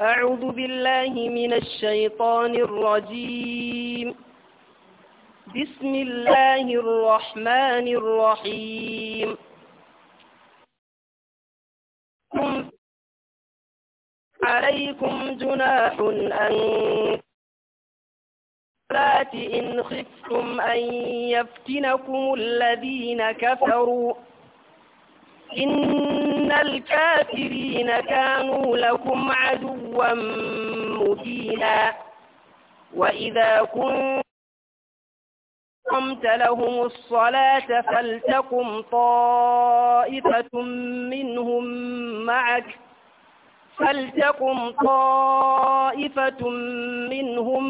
أعوذ بالله من الشيطان الرجيم بسم الله الرحمن الرحيم عليكم جناح أن إن خفتم أن يفتنكم الذين كفروا إن إن الكافرين كانوا لكم عدوا مبينا وإذا كنتم لهم الصلاة فلتقم طائفة منهم معك فلتقم طائفة منهم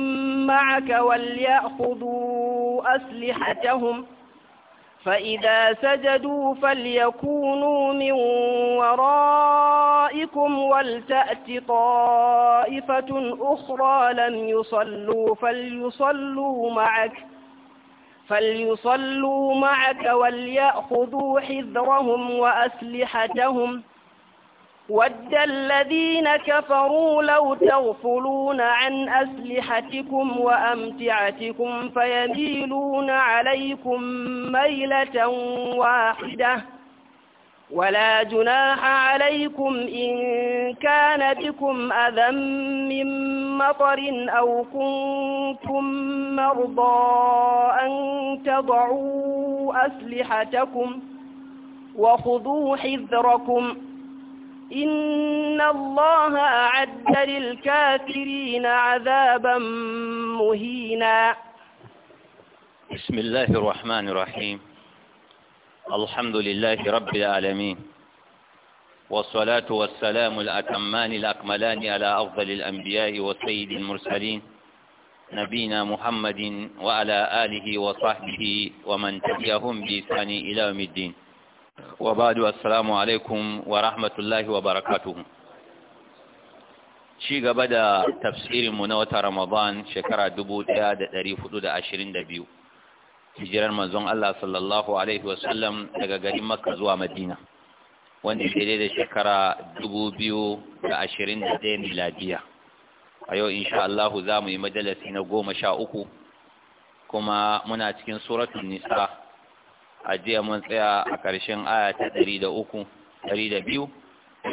معك وليأخذوا أسلحتهم ۖ فإذا سجدوا فليكونوا من ورائكم ولتأت طائفة أخرى لم يصلوا فليصلوا معك فليصلوا معك وليأخذوا حذرهم وأسلحتهم ود الذين كفروا لو تغفلون عن أسلحتكم وأمتعتكم فيميلون عليكم ميلة واحدة ولا جناح عليكم إن كان بكم أذى من مطر أو كنتم مرضى أن تضعوا أسلحتكم وخذوا حذركم إن الله أعد للكافرين عذابا مهينا بسم الله الرحمن الرحيم الحمد لله رب العالمين والصلاة والسلام الأتمان الأكملان على أفضل الأنبياء وسيد المرسلين نبينا محمد وعلى آله وصحبه ومن تبعهم بإحسان إلى يوم الدين wa ba'du assalamu alaikum wa rahmatullahi wa barakatuhu ci gaba da tafsirin mu na wata Ramadan shekara 1422 hijirar manzon Allah sallallahu alaihi wa sallam daga garin Makka zuwa Madina wanda ke da shekara 2021 miladiya a yau insha Allah za mu yi majalisi na 13 kuma muna cikin suratul nisa a jiya mun tsaya a ƙarshen aya ta ɗari da uku ɗari da biyu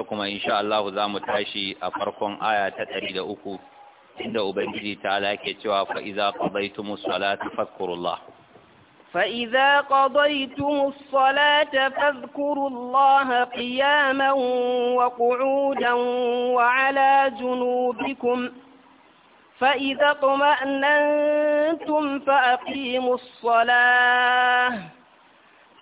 kuma insha Allah za mu tashi a farkon aya ta ɗari da uku inda ubangiji ta ke cewa fa'iza qadaytumus salata fadhkurullah فإذا قضيتم الصلاة فاذكروا الله قياما وقعودا وعلى جنوبكم فإذا اطمأننتم فأقيموا الصلاة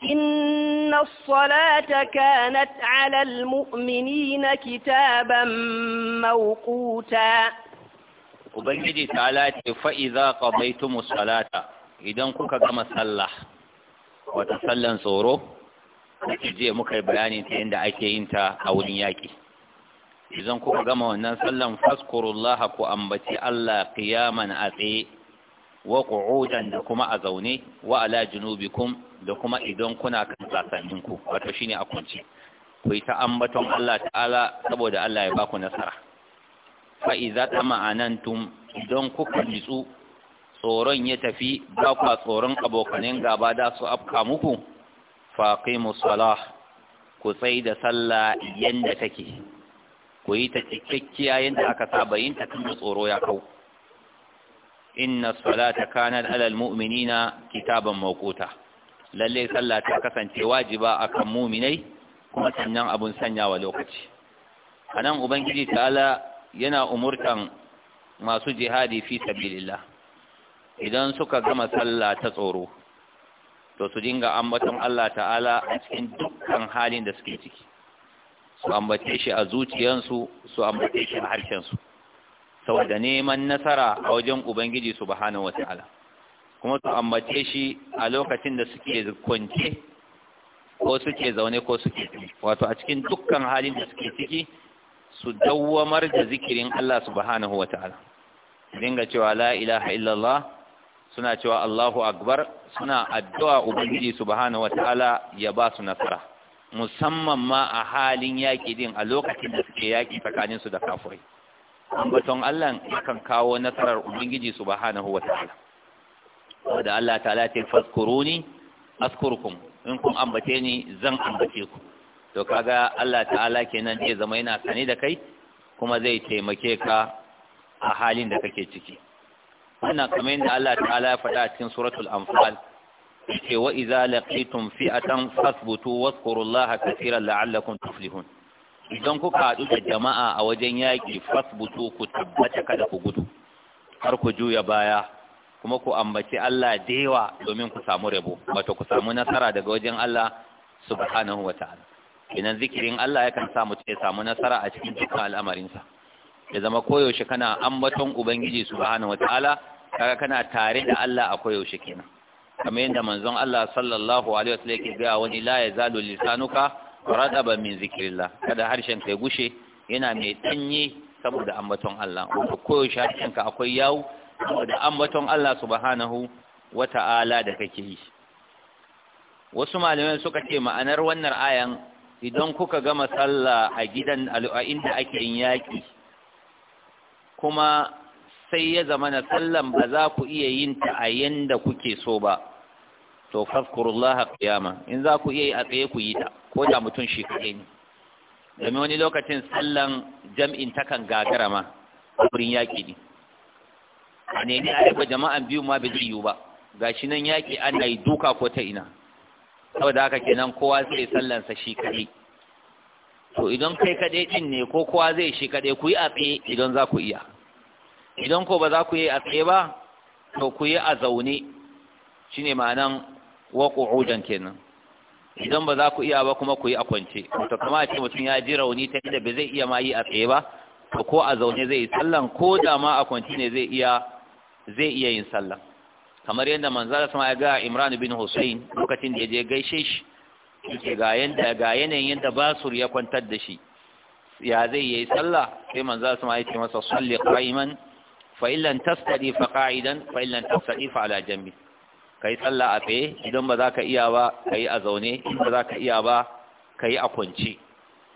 إن الصلاة كانت على المؤمنين كتابا موقوتا Ubangiji ta'ala ce fa'iza ƙabaitumu salata idan kuka gama sallah wata sallan tsoro, kuka je muka yi bayanin ta yadda ake yin ta a wurin yaƙi. Idan kuka gama wannan sallan faskurullaha ku ambaci Allah ƙiyaman a tsaye wa ƙu'udan da kuma a zaune wa ala junubikum da kuma idan kuna kan ku, wato shine a kunci ku yi ta Allah ta'ala saboda Allah ya baku nasara fa iza tama'anantum idan kuka jitsu tsoron ya tafi ba ku tsoron abokanin gaba da su afka muku fa qimu salah ku sai da sallah yanda take ku yi ta cikakkiya yanda aka saba yin ta kuma tsoro ya kau inna salata kanat alal mu'minina kitaban mawquta lalle sallah ta kasance wajiba a kan muminai kuma sannan abun sanya wa lokaci anan ubangiji ta'ala yana umurtan masu jihadi fi sabilillah idan suka gama sallah ta tsoro to su dinga ambaton Allah ta'ala a cikin dukkan halin da suke ciki su ambace shi a zuciyansu su ambace shi a harshensu saboda neman nasara a wajen ubangiji subhanahu wataala kuma su ambace shi a lokacin da suke kwance ko suke zaune ko suke wato a cikin dukkan halin da suke ciki su dawwamar da zikirin Allah subhanahu wa dinga cewa la ilaha illallah suna cewa Allahu akbar suna addu'a ubangiji subhanahu wa ya ba su nasara musamman ma a halin yaƙi din a lokacin da suke yaƙi tsakaninsu da kafirai ambaton Allah yakan kawo nasarar ubangiji subhanahu wa da Allah ta'ala ce faskuruni askurkum in kun ambace ni zan ambace ku to kaga Allah ta'ala kenan zai zama yana kani da kai kuma zai taimake ka a halin da kake ciki wannan kamar yadda Allah ta'ala ya faɗa cikin suratul anfal yake wa idza laqitum fi'atan fasbutu wadhkurullaha katiran la'allakum tuflihun idan kuka haɗu da jama'a a wajen yaƙi fasbutu ku tabbata kada ku gudu har ku juya baya kuma ku ambaci Allah da yawa domin ku samu rabo wato ku samu nasara daga wajen Allah subhanahu wa ta'ala idan zikirin Allah yakan sa mutum ya samu nasara a cikin dukkan al'amarinsa ya zama koyaushe kana ambaton ubangiji subhanahu wa ta'ala kaga kana tare da Allah a koyaushe kenan kamar yadda manzon Allah sallallahu alaihi wasallam yake ga wani la yazalu lisanuka radaba min zikrillah kada harshen ka gushe yana mai danye saboda ambaton Allah wato koyaushe harshen ka akwai yawo da ambaton Allah subhanahu wata'ala da kake yi wasu malamai suka ce ma'anar wannan ayan idan kuka gama sallah a gidan al'a'in da ake yin yaƙi kuma sai ya zama na sallan ba za ku iya yin ta a yanda kuke so ba to fazkurullaha qiyama in za ku iya yi a tsaye ku yi ta ko da mutum shi kaɗai ne domin wani lokacin sallan jam'in takan gagara ma a wurin yaƙi ne a nemi a raba jama'an biyu ma bai zai yiwu ba gashi nan yaƙi na yi duka ko ta ina saboda haka kenan kowa zai sallansa shi kaɗai to idan kai kaɗai ɗin ne ko kowa zai shi kaɗai ku yi a tsaye idan za ku iya idan ko ba za ku yi a tsaye ba to ku yi a zaune shine ma'anan waƙo qu'udan kenan idan ba za ku iya ba kuma ku yi a kwance to kama ce mutum ya ji rauni ta inda ba zai iya ma yi a tsaye ba to ko a zaune zai yi sallan ko da ma a kwance ne zai iya zai iya yin sallah kamar yadda manzala sama ya ga Imran bin Hussein lokacin da yaje gaishe shi yake ga yanda ga yanayin yadda basur ya kwantar da shi ya zai yi sallah sai manzala sama ya ce masa salli qa'iman fa illan tastadi fa qa'idan fa illan tastadi fa ala jambi kai sallah a tsaye idan ba za ka iya ba kai a zaune idan ba za ka iya ba kai a kwance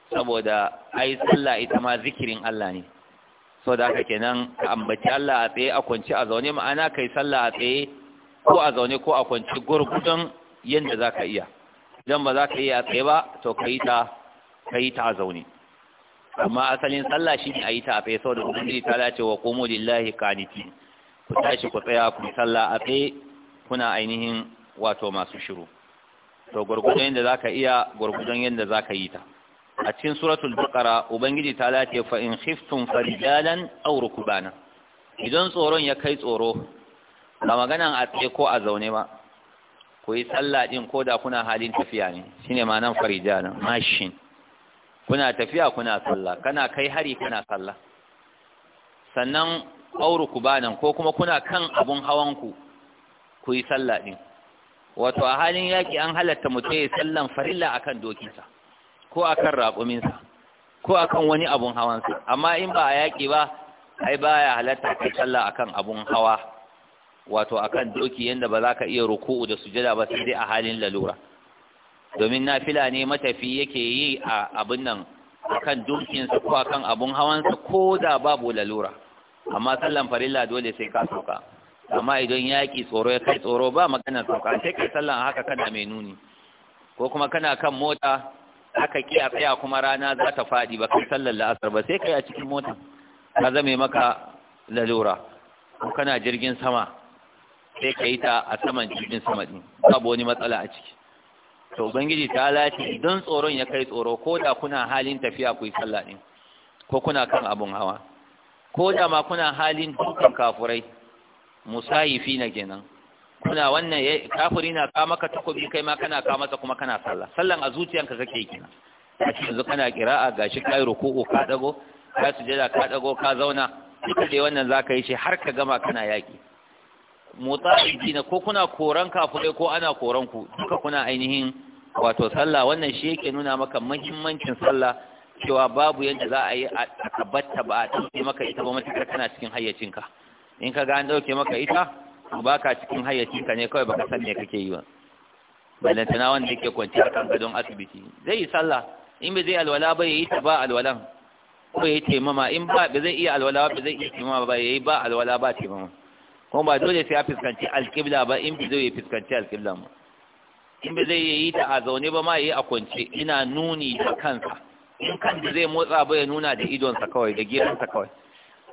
saboda ai sallah ita ma zikirin Allah ne so da haka kenan ka ambaci Allah a tsaye a kwance a zaune ma'ana kai sallah a tsaye ko a zaune ko a kwance gurgudun yadda za ka iya idan ba za ka iya a tsaye ba to ka yi ta ka yi ta a zaune amma asalin sallah shi ne a yi ta a tsaye saboda kuma ta dace wa komo lillahi qanitin ku tashi ku tsaya ku sallah a tsaye kuna ainihin wato masu shiru to gurgudun yadda za ka iya gurgudun yadda za ka yi ta a cikin suratul baqara ubangiji ta lati fa in khiftum farijalan aw rukbana idan tsoron ya kai tsoro ba maganan a tsaye ko a zaune ba ku yi sallah din ko da kuna halin tafiya ne shine nan farijalan mashin kuna tafiya kuna sallah kana kai hari kana sallah sannan aw kubanan ko kuma kuna kan abun hawan ku ku yi sallah din wato a halin yaki an halatta mutum ya sallan farilla akan dokinsa ko akan raƙuminsa ko akan wani abun hawansa amma in ba a yaƙi ba ai ba baya halatta kai sallah akan abun hawa wato akan doki yadda ba za ka iya ruku'u da sujada ba sai dai a halin lalura domin nafila ne matafi yake yi a abin nan kan dokinsa ko akan abun hawansa ko da babu lalura amma sallan farilla dole sai ka sauka amma idan yaƙi tsoro ya kai tsoro ba maganar sauka sai kai sallan haka kana mai nuni ko kuma kana kan mota aka ki a tsaya kuma rana za ta faɗi ba kan sallar la'asar ba sai kai a cikin mota ka zame maka lalura ko kana jirgin sama sai ka yi ta a saman jirgin sama ɗin babu wani matsala a ciki to ubangiji ta lati don tsoron ya kai tsoro ko da kuna halin tafiya ku yi sallah ɗin ko kuna kan abun hawa ko da ma kuna halin dukkan kafurai musayifi na kenan kuna wannan ya kafiri na kama ka takobi kai ma kana ka masa kuma kana sallah sallan a zuciyanka kake kina yanzu kana kira'a gashi kai ruku'u ka dago ka sujada ka dago ka zauna duka dai wannan zaka yi shi har ka gama kana yaki mutaqi na ko kuna koran kafurai ko ana koran ku duka kuna ainihin wato sallah wannan shi yake nuna maka muhimmancin sallah cewa babu yadda za a yi a tabbata ba a tafi maka ita ba matakar kana cikin hayyacinka in ka ga an dauke maka ita ba ka cikin hayyacinka ne kawai baka san me kake yi ba balantana wanda yake kwanciyar kan gadon asibiti zai yi sallah in bai zai alwala ba yayi ta ba alwalan ko yayi taimama in ba ba zai iya alwala ba zai iya taimama ba yayi ba alwala ba taimama kuma ba dole sai ya fuskanci alqibla ba in bai zai fuskanci alqibla ba in bai zai yi ta a zaune ba ma yayi a kwance ina nuni da kansa in kan da zai motsa ba ya nuna da idonsa kawai da gefansa kawai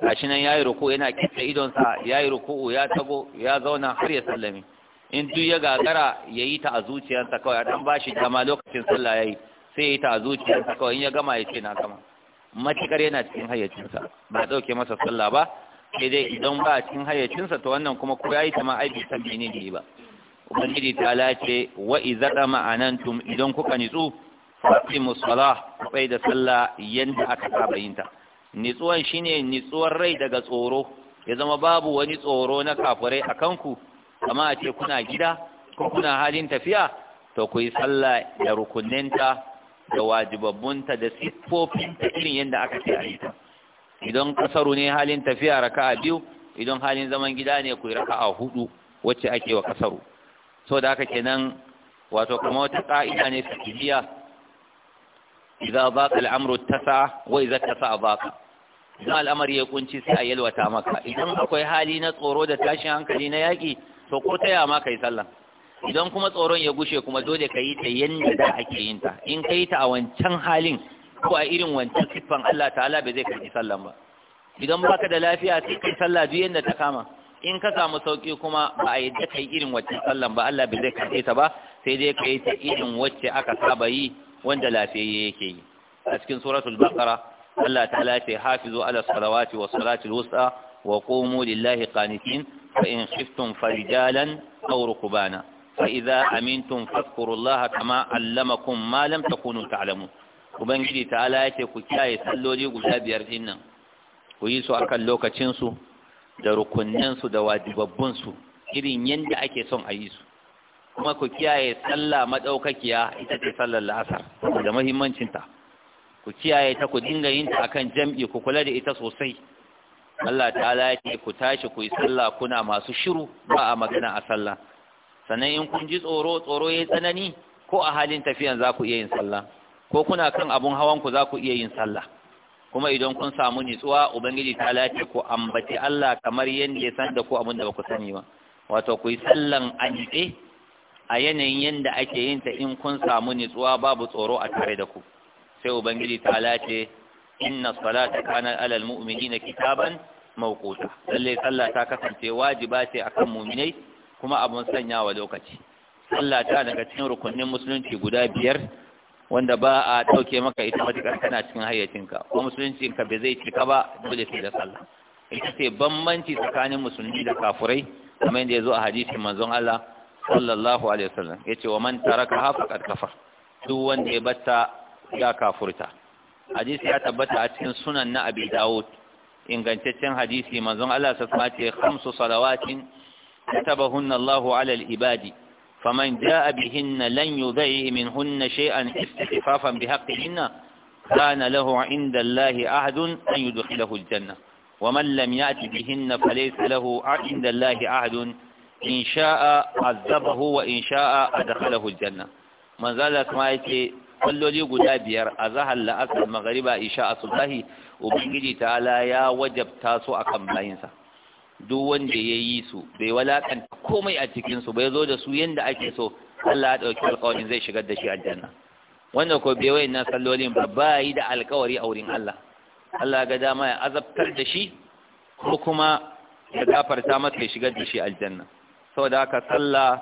gashi nan yayi ruku yana kitse idon sa yayi ruku ya tago ya zauna har ya sallame in duk ya gagara yayi ta a zuciyarsa kawai dan bashi dama lokacin sallah yayi sai yayi ta a zuciyarsa kawai in ya gama ya ce na gama matikar yana cikin hayyacinsa ba dauke masa sallah ba sai dai idan ba cikin hayyacinsa ta wannan kuma ko yayi ta ma aibi san ne ba ubangiji ta lace wa idza tun idan kuka nitsu fasimu salah kai da sallah yanda aka saba yinta nitsuwan shine nitsuwar rai daga tsoro ya zama babu wani tsoro na kafirai a kanku kama a ce kuna gida ko kuna halin tafiya to ku yi sallah da rukuninta da wajibabbunta da siffofinta irin yadda aka ce a yi ta idan kasaru ne halin tafiya raka a biyu idan halin zaman gida ne ku yi a hudu wacce ake wa kasaru so da haka nan wato kama wata ka'ida ne fiqhiyya idza baqa al wai za wa idza tasa'a idan al'amari ya kunci sai a yalwata maka idan akwai hali na tsoro da tashin hankali na yaƙi to ko taya ma kai sallah idan kuma tsoron ya gushe kuma dole ka yi ta yanda da ake yin ta in ka yi ta a wancan halin ko a irin wancan siffan Allah ta'ala bai zai karɓi sallan ba idan baka da lafiya sai kai sallah duk yanda ta kama in ka samu sauki kuma ba a yadda kai irin wancan sallan ba Allah bai zai karɓe ta ba sai dai ka yi ta irin wacce aka saba yi wanda lafiyayye yake yi a cikin suratul baqara Allah ta'ala ce hafizu ala salawati wa salati al-wusta wa qumu lillahi qanitin fa in khiftum farijalan aw rukbana fa idza amintum fadhkurullaha kama allamakum ma lam takunu ta'lamun ubangiji ta'ala yake ku kiyaye salloli guda biyar dinnan ku yi su akan lokacin su da rukunnan su da wajibabbun su irin yanda ake son a yi su kuma ku kiyaye sallah madaukakiya ita ce sallar la'asar da muhimmancinta ku kiyaye ta ku dinga yin ta akan jam'i ku kula da ita sosai Allah ta'ala ya ce ku tashi ku yi sallah kuna masu shiru ba a magana a sallah sannan in kun ji tsoro tsoro yayi tsanani ko a halin tafiyan za ku iya yin sallah ko kuna kan abun hawan ku za ku iya yin sallah kuma idan kun samu nitsuwa ubangiji ta lati ku ambaci Allah kamar yadda ya san da ku abin da ba ku sani ba wato ku yi sallan a a yanayin yadda ake yin ta in kun samu nitsuwa babu tsoro a tare da ku sai ubangiji ta lace inna salata kana alal mu'minina kitaban mawquta lalle sallah ta kasance wajiba ce akan mu'minai kuma abun sanya wa lokaci sallah ta daga cikin rukunin musulunci guda biyar wanda ba a dauke maka ita matukar kana cikin hayyacinka ko musulunci ka bai zai cika ba dole sai da sallah ita ce bambanci tsakanin musulmi da kafurai kamar yadda ya zo a hadisin manzon Allah sallallahu alaihi wasallam yace wa man taraka hafa kafar duk wanda ya batta ya kafurta hadisi ya tabbata a cikin sunan na abi dawud ingantaccen hadisi manzon Allah sa sama ce khamsu salawatin katabahunna Allah ala al-ibadi faman jaa bihinna lan yudai minhunna shay'an istifafan bihaqqihinna kana lahu 'inda Allah ahadun an yudkhilahu al-janna ومن لم يأت بهن فليس له عند الله عهد إن شاء عذبه وإن شاء أدخله الجنة من ذلك ما يتي kwalloli guda biyar a zahar la'asar magariba isha sulahi ubangiji ta'ala ya wajabta su akan bayansa. duk wanda ya yi su bai walakanta komai a cikinsu bai zo da su yadda ake so Allah ya ɗauki alkawarin zai shigar da shi aljanna wanda ko bai wayan na sallolin ba ba yi da alkawari a wurin Allah Allah ga dama ya azabtar da shi ko kuma ya gafarta masa ya shigar da shi aljanna saboda haka sallah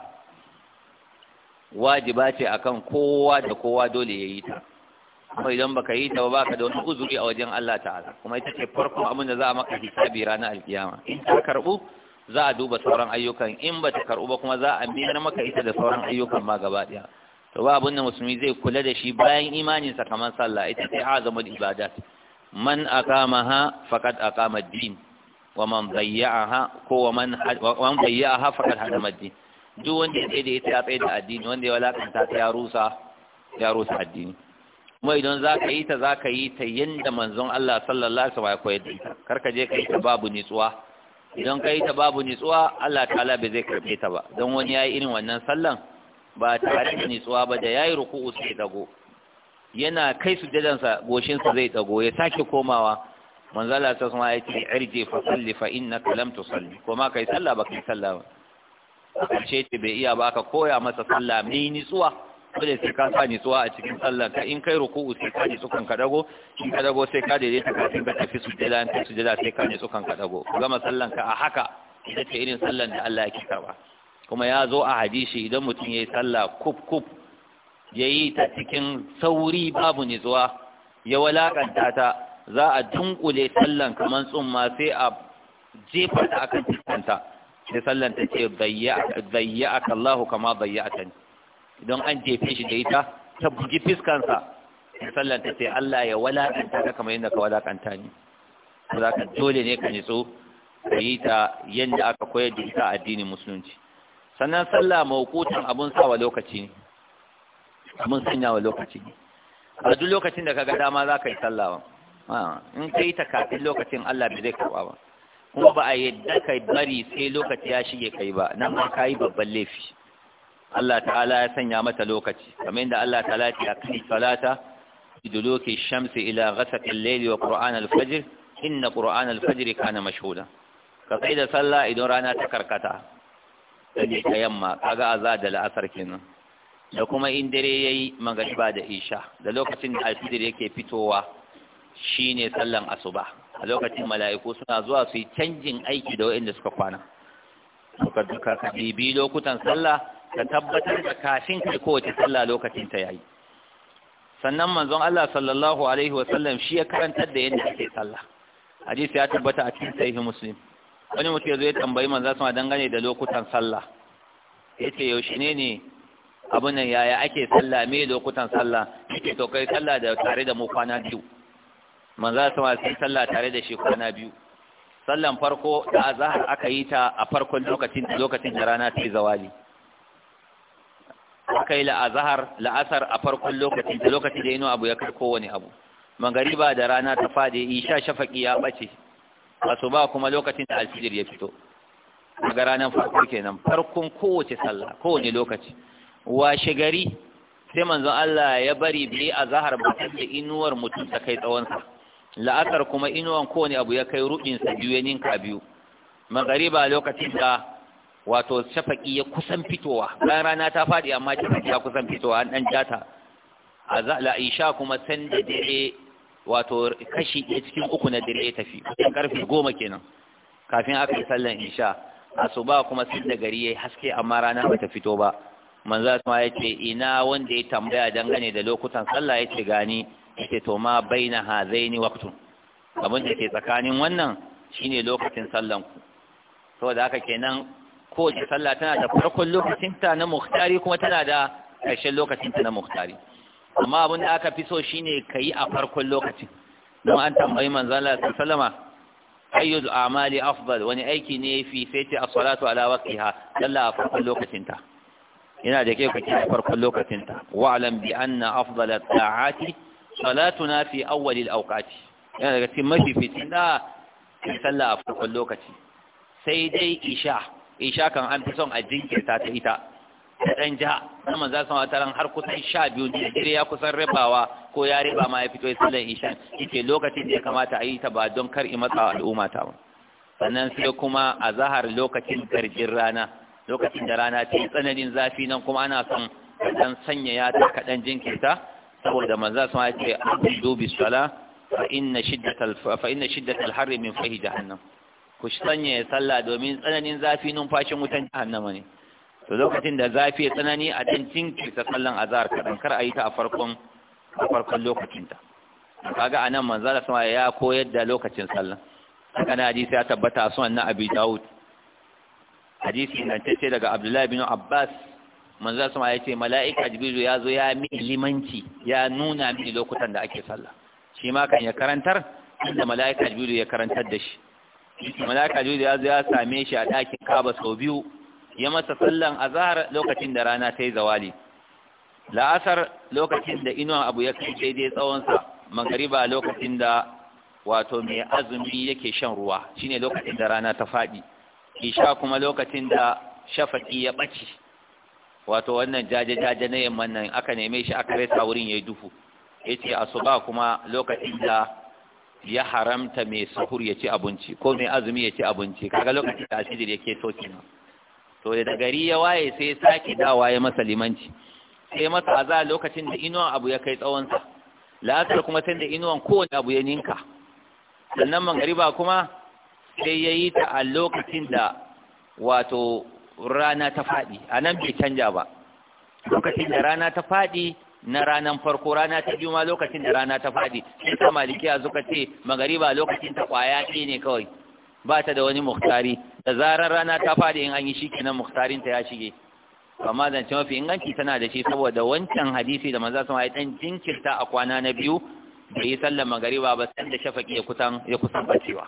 wajiba ce akan kowa da kowa dole ya yi ta kuma idan baka yi ta ba baka da wani uzuri a wajen Allah ta'ala kuma ita ce farkon abin da za a maka hisabi ranar alkiyama in ta karbu za a duba sauran ayyukan in ba ta karbu ba kuma za a miyar maka ita da sauran ayyukan ma gaba daya to ba abin da musulmi zai kula da shi bayan imanin sa kamar sallah ita ce azamul ibadat man aqamaha faqad aqama ad-din wa man dayya'aha ko man man dayya'aha faqad hadama ad-din duk wanda ya tsaye da ita ya tsaye da addini wanda ya walakanta ta ya rusa ya rusa addini kuma idan za ka yi ta za ka yi ta yadda manzon Allah sallallahu alaihi wasallam ya koyar da ita kar ka je ka yi ta babu nitsuwa idan ka yi ta babu nitsuwa Allah ta'ala bai zai karbe ta ba don wani yayi irin wannan sallan ba tare da nitsuwa ba da yayi ruku'u sai dago yana kai sujadansa goshin sa zai dago ya sake komawa manzon Allah sallallahu alaihi wasallam ya ce irji fa salli fa innaka lam tusalli kuma kai sallah ba kai sallah ba ce ce bai iya ba ka koya masa sallah mai nitsuwa dole sai ka sa nitsuwa a cikin sallah ka in kai ruku'u sai ka ji kan kadago in ka sai ka daidaita kafin ka tafi sujjada in sujjada sai ka ji kan kadago gama sallan ka a haka ita ce irin sallan da Allah yake karba kuma ya zo a hadisi idan mutum ya yi sallah kuf kuf ya yi ta cikin sauri babu nitsuwa ya walakanta ta za a dunkule sallan kamar tsumma sai a jefa ta akan cikanta sai sallan ta ce zayya'aka Allah kama zayya'atani Don an jefe shi da ita ta bugi fiskansa sai sallan ta ce Allah ya walakanta ka kamar yadda ka walakanta ni ko za ka dole ne ka nitso ka yi ta yadda aka koyar da ita addinin musulunci sannan sallah mawqutan abun sawa lokaci ne abun wa lokaci ne a duk lokacin da ka ga dama za ka yi sallah ba ah, in ka yi ta kafin lokacin Allah bai zai karɓa ba kuma ba a yadda ka bari sai lokaci ya shige kai ba nan ma ka yi babban laifi Allah ta'ala ya sanya mata lokaci kamar yadda Allah ta'ala ya kai salata iduluki shamsi ila ghasaq al-layli wa qur'an al-fajr inna qur'an al-fajr kana mashhuda ka sai da sallah idan rana ta karkata sai ta yamma kaga azza da la'asar kenan da kuma in dare yayi magariba da isha da lokacin da alfijir yake fitowa shine sallan asuba a lokacin mala'iku suna zuwa su yi canjin aiki da waɗanda suka kwana suka duka ka bibi lokutan sallah ka tabbatar da kafin kai kowace sallah lokacin ta yayi sannan manzon Allah sallallahu alaihi wasallam shi ya karantar da yadda ake sallah hadisi ya tabbata a cikin sahihi muslim wani mutum ya zo ya tambayi manzon sama dangane da lokutan sallah yace yaushe ne ne abin nan yaya ake sallah me lokutan sallah yake to kai sallah da tare da mu kwana biyu manzo sama sai sallah tare da shi na biyu sallan farko da azhar aka yi ta a farkon lokacin lokacin da rana ta zawali aka yi la'azahar la'asar a farkon lokacin da lokacin da yino abu ya kai wani abu magariba da rana ta fade isha shafaki ya bace su ba kuma lokacin da alfijir ya fito daga ranar farko kenan farkon kowace sallah kowane lokaci washe gari sai manzon Allah ya bari bai azahar ba da inuwar mutum ta kai tsawonsa la'asar kuma inuwan kowane abu ya kai rubinsa biyu ya ninka biyu magariba lokacin da wato shafaƙi ya kusan fitowa bayan rana ta faɗi amma shafaƙi ya kusan fitowa an ɗan jata a isha kuma san da dare wato kashi ɗaya cikin uku na dare tafi kusan karfe goma kenan kafin aka yi sallan isha asuba kuma san da gari ya haske amma rana ba ta fito ba manzo ma ya ce ina wanda ya tambaya dangane da lokutan sallah ya ce gani yake to ma baina hazaini waqtun abin da ke tsakanin wannan shine lokacin sallan ku saboda haka kenan kowace sallah tana da farkon lokacin ta na muhtari kuma tana da ƙarshen lokacin ta na muhtari amma abin da aka fi so shine kai a farkon lokacin don an tambayi manzon Allah sallama ayyul a'mali afdal wani aiki ne fi sai ce as-salatu ala waqtiha sallah a farkon lokacin ta yana da kyau kake farkon lokacin ta wa'lam bi anna afdal at-ta'ati salatuna fi awwalil awqati yana daga cikin mafi fitina sallah a farkon lokaci sai dai isha isha kan an fi son a jinkirta ta ita da ɗan ja na manza sun wata ran har kusan sha biyu da ya kusan rabawa ko ya riba ma ya fito ya sallan isha yake lokacin da ya kamata a yi ta ba don kar i matsa al'umma ta sannan sai kuma a zahar lokacin garjin rana lokacin da rana ta yi tsananin zafi nan kuma ana son dan sanya ya ta kaɗan jinkirta saboda manza sun ce a bi sala fa inna shiddatal fa inna shiddatal min fahi jahannan. ku sanya ya sallah domin tsananin zafi numfashin wutan jahannama ne to lokacin da zafi ya tsanani a can dan jinkirta sallan azhar kaɗan, kar a yi ta a farkon a farkon lokacinta kaga anan manza da sama ya koyar da lokacin sallah haka na hadisi ya tabbata a sunan na abi daud hadisi nan tace daga abdullahi bin abbas manzo sama ya ce mala'ika jibrilu ya zo ya mi limanci ya nuna mini lokutan da ake sallah shi ma kan ya karantar da mala'ika jibrilu ya karantar da shi mala'ika jibrilu ya zo ya same shi a dakin kaba sau biyu ya masa sallan azhar lokacin da rana ta yi zawali la'asar lokacin da inuwan abu ya kai daidai sa magariba lokacin da wato mai azumi yake shan ruwa shine lokacin da rana ta faɗi isha kuma lokacin da shafaki ya ɓace wato wannan jaje-jaje na yamman nan aka neme shi aka rasa wurin ya yi duhu ya ce asuba kuma lokacin da ya haramta mai sahur ya ci abinci ko mai azumi ya ci abinci kaga lokacin da ya ke toki na to da gari ya waye sai ya sake dawa ya masa limanci sai masa a za lokacin da inuwan abu ya kai tsawonsa la'asar kuma sai da inuwan kowane abu ya ninka sannan ba kuma sai ya yi ta a lokacin da wato rana ta faɗi a nan bai canja ba lokacin da rana ta faɗi na ranar farko rana ta biyu ma lokacin da rana ta faɗi shi ta a suka ce magariba lokacin ta ƙwaya ce ne kawai ba ta da wani muhtari da zarar rana ta faɗi in an yi shi kenan muhtarin ta ya shige amma zance mafi inganci tana da shi saboda wancan hadisi da maza sun dan jinkirta a kwana na biyu da yi sallan magariba ba san da shafaki ya kusan ya bacewa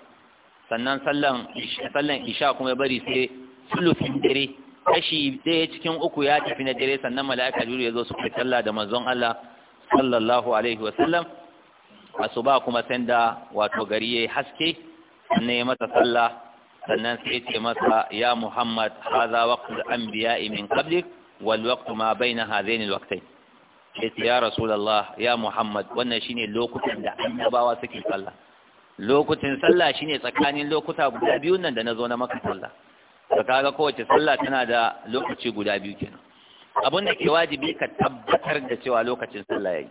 sannan sallan sallan isha kuma bari sai sulufin dare kashi ɗaya cikin uku ya tafi na dare sannan mala'ika jibril ya zo su kai sallah da manzon Allah sallallahu alaihi wa sallam A su ba kuma sanda wato gari yayi haske Sannan ne masa sallah sannan sai ce masa ya Muhammad hadha waqtul anbiya'i min qablik wal waqtu ma baina hadhaini al waqtayn sai ya rasulullah ya Muhammad wannan shine lokutan da annabawa suke sallah lokacin sallah shine tsakanin lokuta guda biyun nan da nazo na maka sallah ka kaga kowace sallah tana da lokaci guda biyu kenan abin da ke wajibi ka tabbatar da cewa lokacin sallah yayi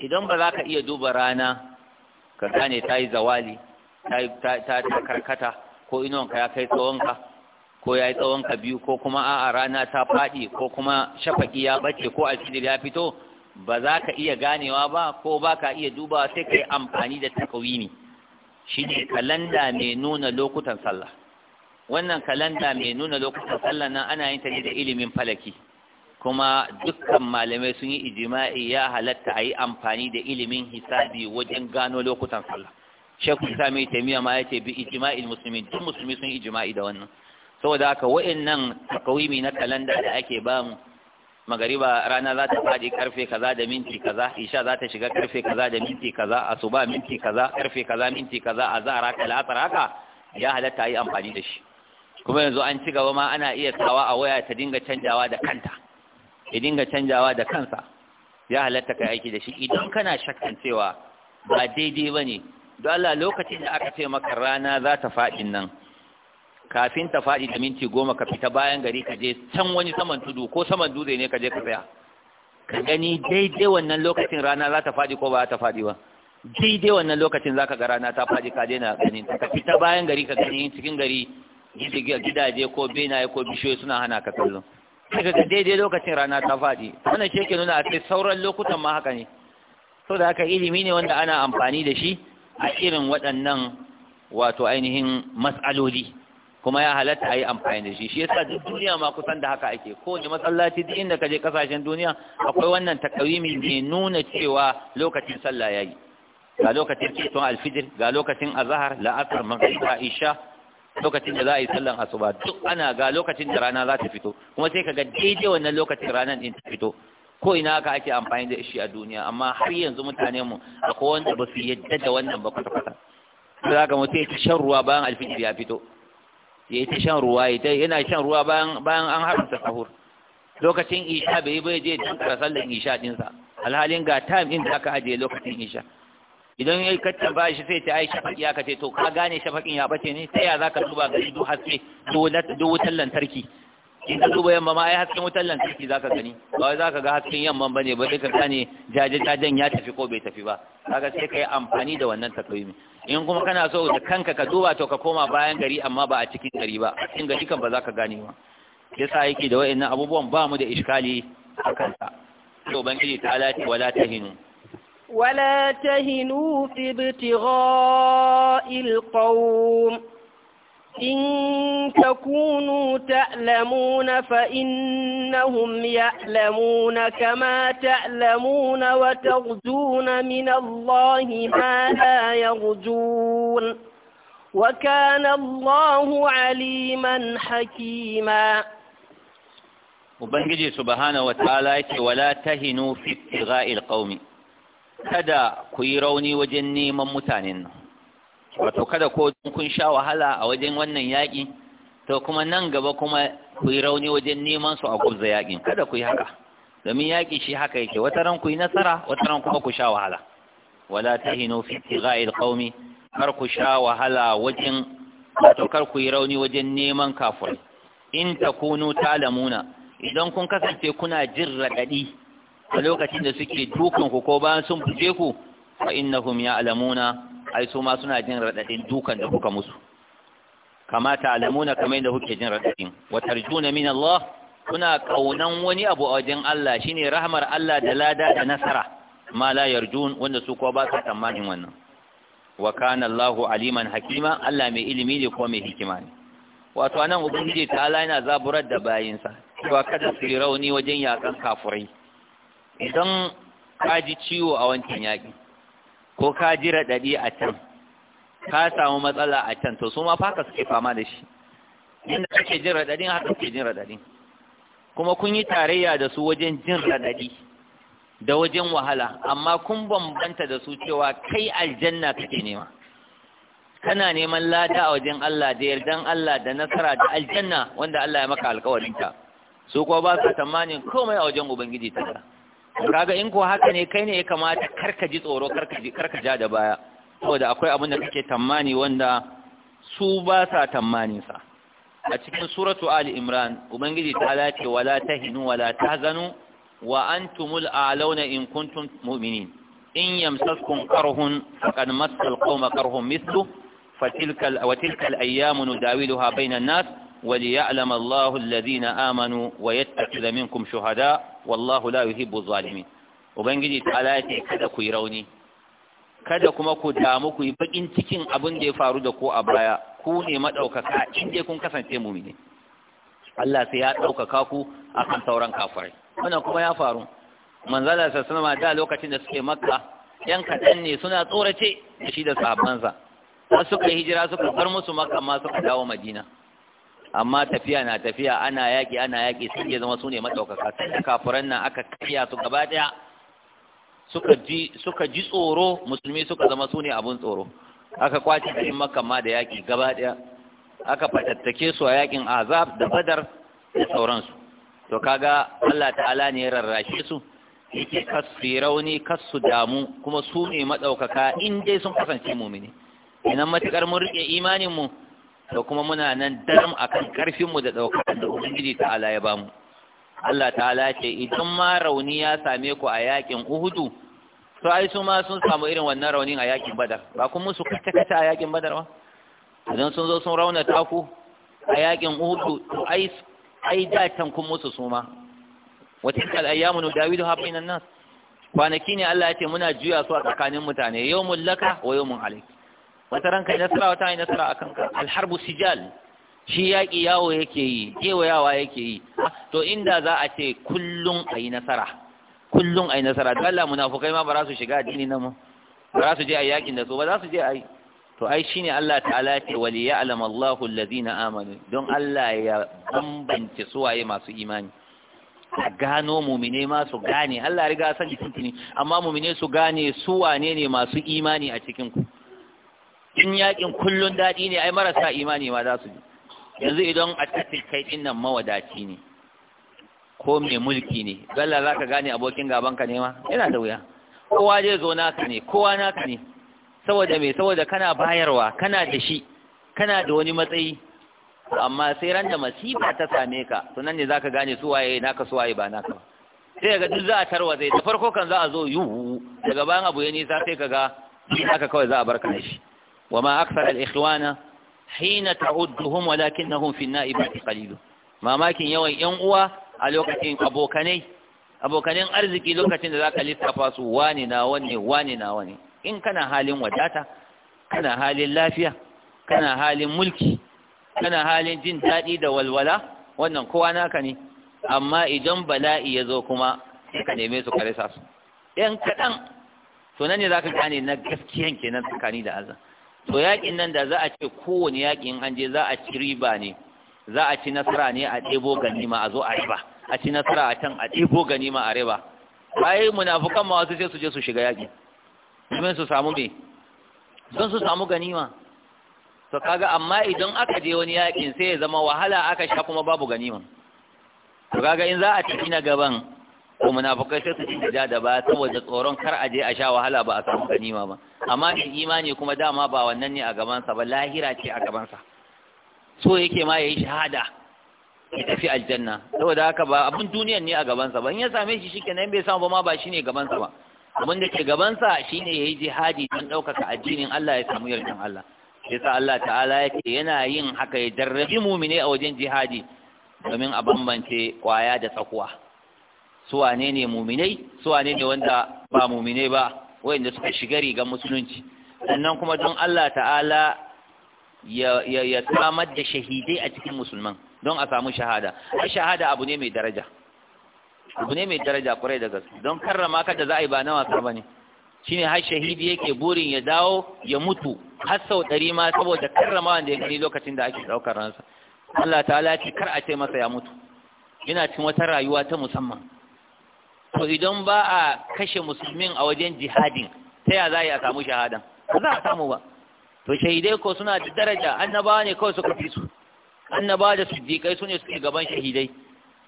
idan ba za ka iya duba rana ka gane ta yi zawali ta ta karkata ko inuwanka ya kai tsawonka ko ya yi tsawonka biyu ko kuma a'a rana ta faɗi ko kuma shafaƙi ya ɓace ko alfijir ya fito ba za ka iya ganewa ba ko ba ka iya dubawa sai ka yi amfani da takawini shi ne kalanda mai nuna lokutan sallah wannan kalanda mai nuna lokutan sallah nan ana yin ta ne da ilimin falaki kuma dukkan malamai sun yi ijima'i ya halatta a yi amfani da ilimin hisabi wajen gano lokutan sallah shekul mai taimiyya ma ya ce bi ijima'il musulmi duk musulmi sun yi ijima'i da wannan saboda haka wa'annan takawimi na kalanda da ake mu magariba rana za ta faɗi karfe kaza da minti kaza isha za ta shiga karfe kaza da minti kaza asuba minti kaza karfe kaza minti kaza azhar haka la'asar haka ya halatta yi amfani da shi kuma yanzu an ci gaba ma ana iya kawa a waya ta dinga canjawa da kanta ya dinga canjawa da kansa ya halatta kai aiki da shi idan kana shakkan cewa ba daidai ba ne don Allah lokacin da aka ce maka rana za ta faɗi nan kafin ta faɗi da minti goma ka fita bayan gari ka je can wani saman tudu ko saman dutse ne ka je ka tsaya ka gani daidai wannan lokacin rana za ta faɗi ko ba ta faɗi ba daidai wannan lokacin za ka ga rana ta faɗi ka daina ganin ka fita bayan gari ka gani cikin gari gidaje ko benaye ko bishiyoyi suna hana ka kallo daga daidai lokacin rana ta faɗi wannan shi ke nuna a sai sauran lokutan ma haka ne so da haka ilimi ne wanda ana amfani da shi a irin waɗannan wato ainihin matsaloli kuma ya halatta a yi amfani da shi shi yasa duk duniya ma kusan da haka ake kowane masallaci duk inda ka je kasashen duniya akwai wannan takawimi ne nuna cewa lokacin sallah yayi ga lokacin ceton alfijir ga lokacin azahar la'asar magriba isha lokacin da za a yi sallan asuba duk ana ga lokacin da rana za ta fito kuma sai kaga daidai wannan lokacin ranar din ta fito ko ina ka ake amfani da shi a duniya amma har yanzu mutane mu akwai wanda ba su yadda da wannan ba kusa kusa sai zaka mutai ta shan ruwa bayan alfijir ya fito ya yi ta shan ruwa yana shan ruwa bayan bayan an haramta sahur lokacin isha bai bai je dan sallan isha din alhalin ga time din da aka ajiye lokacin isha idan ya kacce ba shi sai ta yi shafaƙi, aka ce to ka gane shafaƙin ya bace ne sai ya zaka duba gari do haske do wutar lantarki in ka duba yamma ma ai hasken wutar lantarki za ka gani ba wai ka ga hasken yamman ne ba sai ka gane jajajajen ya tafi ko bai tafi ba kaga sai yi amfani da wannan takalmi in kuma kana so da kanka ka duba to ka koma bayan gari amma ba a cikin gari ba in gari kan ba ka gane ba yasa yake da wa'annan abubuwan ba mu da iskali a kansa to ban ta lati wala ta hinu. ولا تهنوا في ابتغاء القوم إن تكونوا تألمون فإنهم يألمون كما تألمون وترجون من الله ما لا يرجون وكان الله عليما حكيما وبنجي سبحانه وتعالى ولا تهنوا في ابتغاء القوم kada ku yi rauni wajen neman mutanen nan wato kada ko kun sha wahala a wajen wannan yaƙi to kuma nan gaba kuma ku yi rauni wajen neman su a gubza yaƙin kada ku yi haka domin yaƙi shi haka yake wata ran ku yi nasara wata ran kuma ku sha wahala wala tahinu fi tigha'il qaumi kar ku sha wahala wajen wato kar ku yi rauni wajen neman kafir in takunu talamuna idan kun kasance kuna jin raɗaɗi a lokacin da suke dukanku ko bayan sun fice ku fa innahum ya'lamuna ai su ma suna jin radadin dukan da kuka musu kama ta'lamuna kamar da kuke jin radadin wa tarjuna min Allah kuna kaunan wani abu a wajen Allah shine rahmar Allah da lada da nasara ma la yarjun wanda su ko ba su tsammanin wannan wa kana Allahu aliman hakima Allah mai ilimi ne ko mai hikima ne wato anan ubangiji ta Allah yana zaburar da bayinsa cewa kada su rauni wajen yakan kafurai idan ka ji ciwo a wancan yaƙi ko ka ji raɗaɗi a can ka samu matsala a can to su ma faka suke fama da shi inda kake jin raɗaɗin haka suke jin raɗaɗin kuma kun yi tarayya da su wajen jin raɗaɗi da wajen wahala amma kun bambanta da su cewa kai aljanna kake nema kana neman lada a wajen Allah da yardan Allah da nasara da aljanna wanda Allah ya maka alƙawarinta su kuwa ba su tsammanin komai a wajen ubangiji ta kaga in ko haka ne kai ne ya kamata karka ji tsoro karka ji karka ja da baya saboda akwai abin da kake tammani wanda su ba sa sa a cikin suratu ali imran ubangiji ta lace wala tahinu wala tahzanu wa antumul a'launa in kuntum mu'minin in yamsaskum qarhun faqad massal qauma qarhun mithlu fatilka wa tilka al-ayyamu nudawiluha bainan nas وليعلم الله الذين آمنوا ويتخذ منكم شهداء والله لا يحب الظالمين ubangiji ta alaye kada ku yi rauni kada kuma ku damu ku yi bakin cikin abin da ya faru da ku a baya ku ne madaukaka inda kun kasance mumini Allah sai ya daukaka ku akan sauran kafirai wannan kuma ya faru manzala sallallahu da lokacin da suke makka yan kadan ne suna tsorace da shi da sahabbansa suka hijira suka bar musu makka amma suka dawo madina amma tafiya na tafiya ana yaƙi ana yaƙi sun ya zama su ne matsaukaka sai da kafuran nan aka kariya su gaba ɗaya suka ji tsoro musulmi suka zama su ne abun tsoro aka kwace da yin makama da yaƙi gaba ɗaya aka fatattake su a yaƙin azab da badar da sauransu to kaga Allah ta'ala ne ya rarrashe su yake kasu rauni kasu damu kuma su ne matsaukaka in dai sun kasance mumini idan matukar mun rike imanin mu da kuma muna nan daram akan karfinmu da ɗaukar da ubangiji ta'ala ya bamu Allah ta'ala ce idan ma rauni ya same ku a yakin uhudu to ai su ma sun samu irin wannan raunin a yakin badar ba kun musu kacce-kacce a yakin badar ba idan sun zo sun rauna ku a yakin uhudu to ai ai da can kun musu su ma wa tilkal ayyamu Dawidu ha bainan nas kwanaki ne Allah ya ce muna juya su a tsakanin mutane yawmul laka wa mun alayk wata ranka yi nasara wata yi nasara a kanka alharbu sijal shi yaƙi yawo yake yi kewayawa yake yi to inda za a ce kullum a yi nasara kullum a yi nasara da Allah munafukai ma ba za su shiga addini na mu ba za su je a yaƙin da su ba za su je a yi to ai shine Allah ta'ala ce wali ya'lam Allahu allazina amanu don Allah ya bambance suwaye masu imani a gano mumine ma su gane Allah riga san tuntuni amma mumine su gane su wane ne masu imani a cikin ku in yakin kullun daɗi ne ai marasa imani ma za su ji yanzu idan a cikin kai din nan mawadaci ne ko mai mulki ne galla za ka gane abokin gaban ka ne ma yana da wuya kowa zai zo naka ne kowa naka ne saboda me saboda kana bayarwa kana da shi kana da wani matsayi amma sai ran da masifa ta same ka to nan ne za ka gane su waye naka su waye ba naka ba sai ga duk za a tarwa zai da farko kan za a zo yuhu daga bayan abu ya nisa sai kaga haka kawai za a barka da shi وما أكثر الإخوان حين تعدهم ولكنهم في النائبات قليل ما ماكن يوان ينقوى ألوكتين أبو أبوكنين أرزكي لوكتين ذاك لتفاس واننا واني ناواني واني ناواني إن كان حال وداتا كان حال لافية كان حال ملكي كان حال جن تائد والولا wannan kowa naka ne amma idan bala'i ya zo kuma sai ka neme su ka rasa su ‘yan kaɗan to nan ne za ka gane na gaskiyan kenan tsakani da Allah to yakin nan da za a ce kowane yakin an je za a ci riba ne za a ci nasara ne a ɗebo ganima a zo a riba a ci nasara a can a ɗebo ganima a riba ai munafukan ma wasu sai su je su shiga yakin domin su samu me don su samu ganima to kaga amma idan aka je wani yakin sai ya zama wahala aka sha kuma babu ganima to kaga in za a tafi na gaban ko munafukai sai su ci da da ba saboda tsoron kar a je a sha wahala ba a samu ganima ba amma shi imani kuma dama ba wannan ne a gabansa ba lahira ce a gabansa so yake ma yayi shahada ya tafi aljanna saboda haka ba abin duniyan ne a gabansa ba in ya same shi shikenan bai samu ba ma ba shine gabansa ba abun da ke gabansa shine yayi jihadi don ɗaukaka addinin Allah ya samu yardan Allah yasa Allah ta'ala yake yana yin haka ya jarrabi mu'mini a wajen jihadi domin a bambance kwaya da tsakuwa su wane ne muminai su wane ne wanda ba muminai ba wanda suka shiga rigar musulunci sannan kuma don Allah ta'ala ya samar da shahidai a cikin musulman don a samu shahada ai shahada abu ne mai daraja abu ne mai daraja kwarai da gaske don karrama kada za a yi ba na wasa bane shine har shahidi yake burin ya dawo ya mutu har sau ɗari ma saboda karrama wanda ya gani lokacin da ake ɗaukar ransa Allah ta'ala ce kar a ce masa ya mutu yana cin wata rayuwa ta musamman to idan ba a kashe musulmin a wajen jihadin ta ya za a samu shahadan ba za a samu ba to shahidai ko suna da daraja annabawa ne kawai suka fi su annabawa da siddiqai su ne suke gaban shahidai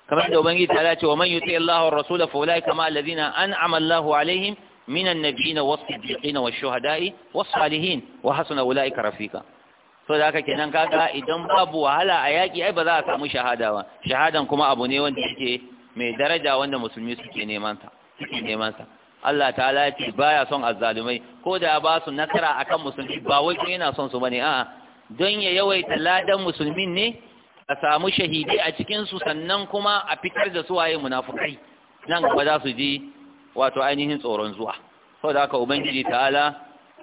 kamar da ubangiji ta ce wa man yuti Allah wa rasula fa ulai kama allazina an'ama Allahu alaihim minan nabiyina was siddiqina wash shuhada'i was salihin wa hasuna ulaika rafiqa To da haka kenan kaga idan babu wahala a yaki ai ba za a samu shahada ba shahadan kuma abu ne wanda yake mai daraja wanda musulmi suke neman sa suke neman sa Allah ta'ala ya ce baya son azzalumai ko da ba su nasara akan musulmi ba wai kun yana son su bane a'a don ya yawaita ladan musulmin ne a samu shahidi a cikin su sannan kuma a fitar da su waye munafukai nan gaba za su ji wato ainihin tsoron zuwa saboda haka ubangiji ta'ala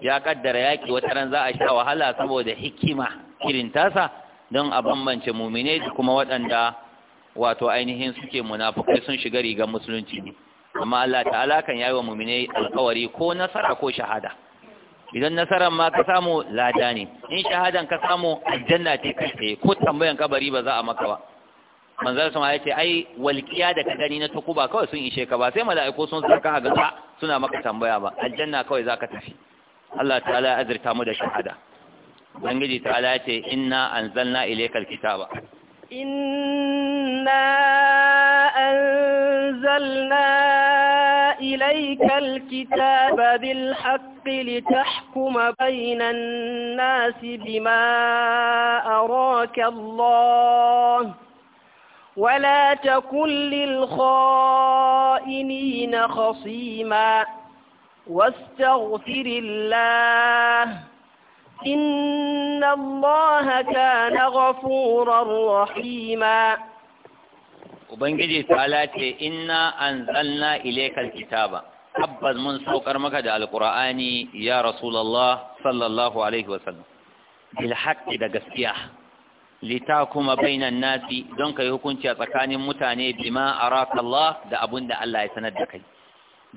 ya kaddara yaki wata ran za a sha wahala saboda hikima irin tasa don a bambance mumine da kuma waɗanda wato ainihin suke munafukai sun shiga rigar musulunci ne amma Allah ta'ala kan yayi wa mu'mine alƙawari ko nasara ko shahada idan nasaran ma ka samu lada ne in shahadan ka samu aljanna ce kai tsaye ko tambayan kabari ba za a maka ba manzon sama ya ce ai walƙiya da ka na tukuba kawai sun ishe ka ba sai mala'iku sun saka a gaba suna maka tambaya ba aljanna kawai za ka tafi Allah ta'ala ya azurta mu da shahada ubangiji ta'ala ya ce inna anzalna ilaykal kitaba إنا أنزلنا إليك الكتاب بالحق لتحكم بين الناس بما أراك الله ولا تكن للخائنين خصيما واستغفر الله إن الله كان غفورا رحيما ubangiji ta'ala ce inna anzalna ilaykal kitaba tabbas mun saukar maka da alqur'ani ya rasulallah sallallahu alaihi wasallam bil da gaskiya litakuma bainan nasi don kayi hukunci a tsakanin mutane bima araka Allah da Allah ya sanar da kai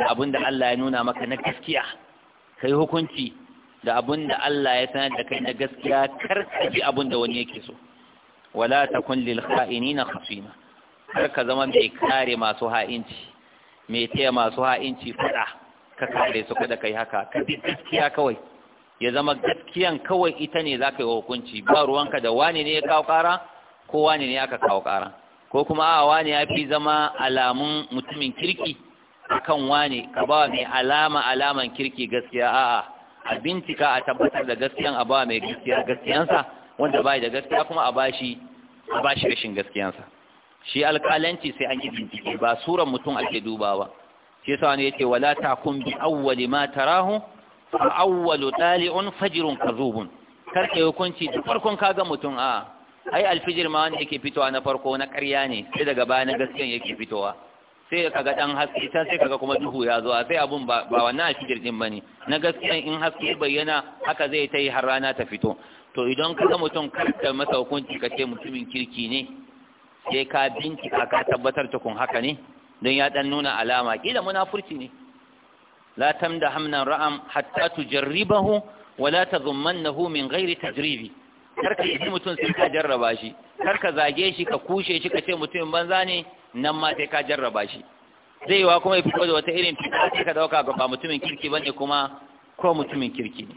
da da Allah ya nuna maka na gaskiya kai hukunci da da Allah ya sanar da kai na gaskiya kar ka abun da wani yake so wala takun lil kha'inina khasima kar ka zama mai kare masu ha'inci mai taya masu ha'inci fada ka kare su kada kai haka ka bi gaskiya kawai ya zama gaskiyan kawai ita ne za ka yi hukunci ba ruwanka da wani ne ya kawo kara ko wani ne aka kawo kara ko kuma a wani ya fi zama alamun mutumin kirki akan wani ka ba mai alama alaman kirki gaskiya a'a a bincika a tabbatar da gaskiyan a ba mai gaskiya gaskiyansa wanda bai da gaskiya kuma a bashi a bashi rashin gaskiyansa shi alƙalanci sai an yi bincike ba suran mutum ake dubawa shi yasa wani yace wala kun bi awwali ma tarahu fa awwalu tali'un fajrun kadhubun kar ka hukunci da farkon kaga mutum a ai alfijir ma wani yake fitowa na farko na ƙarya ne sai daga baya na gaskiyan yake fitowa sai kaga dan haske ta sai kaga kuma duhu ya zo sai abun ba ba wannan alfijir din bane na gaske in haske bayyana haka zai ta yi har rana ta fito to idan kaga mutum kar ka masa hukunci ka ce mutumin kirki ne sai ka bincika ka tabbatar tukun haka ne don ya dan nuna alama kila munafurci ne la tamda hamnan ra'am hatta tujarribahu wa la min ghairi tajribi karka yi mutum sai ka jarraba shi karka zage shi ka kushe shi ka ce mutum banza ne nan ma sai ka jarraba shi zai wa kuma ya fito da wata irin fita sai ka dauka ga ba mutumin kirki bane kuma ko mutumin kirki ne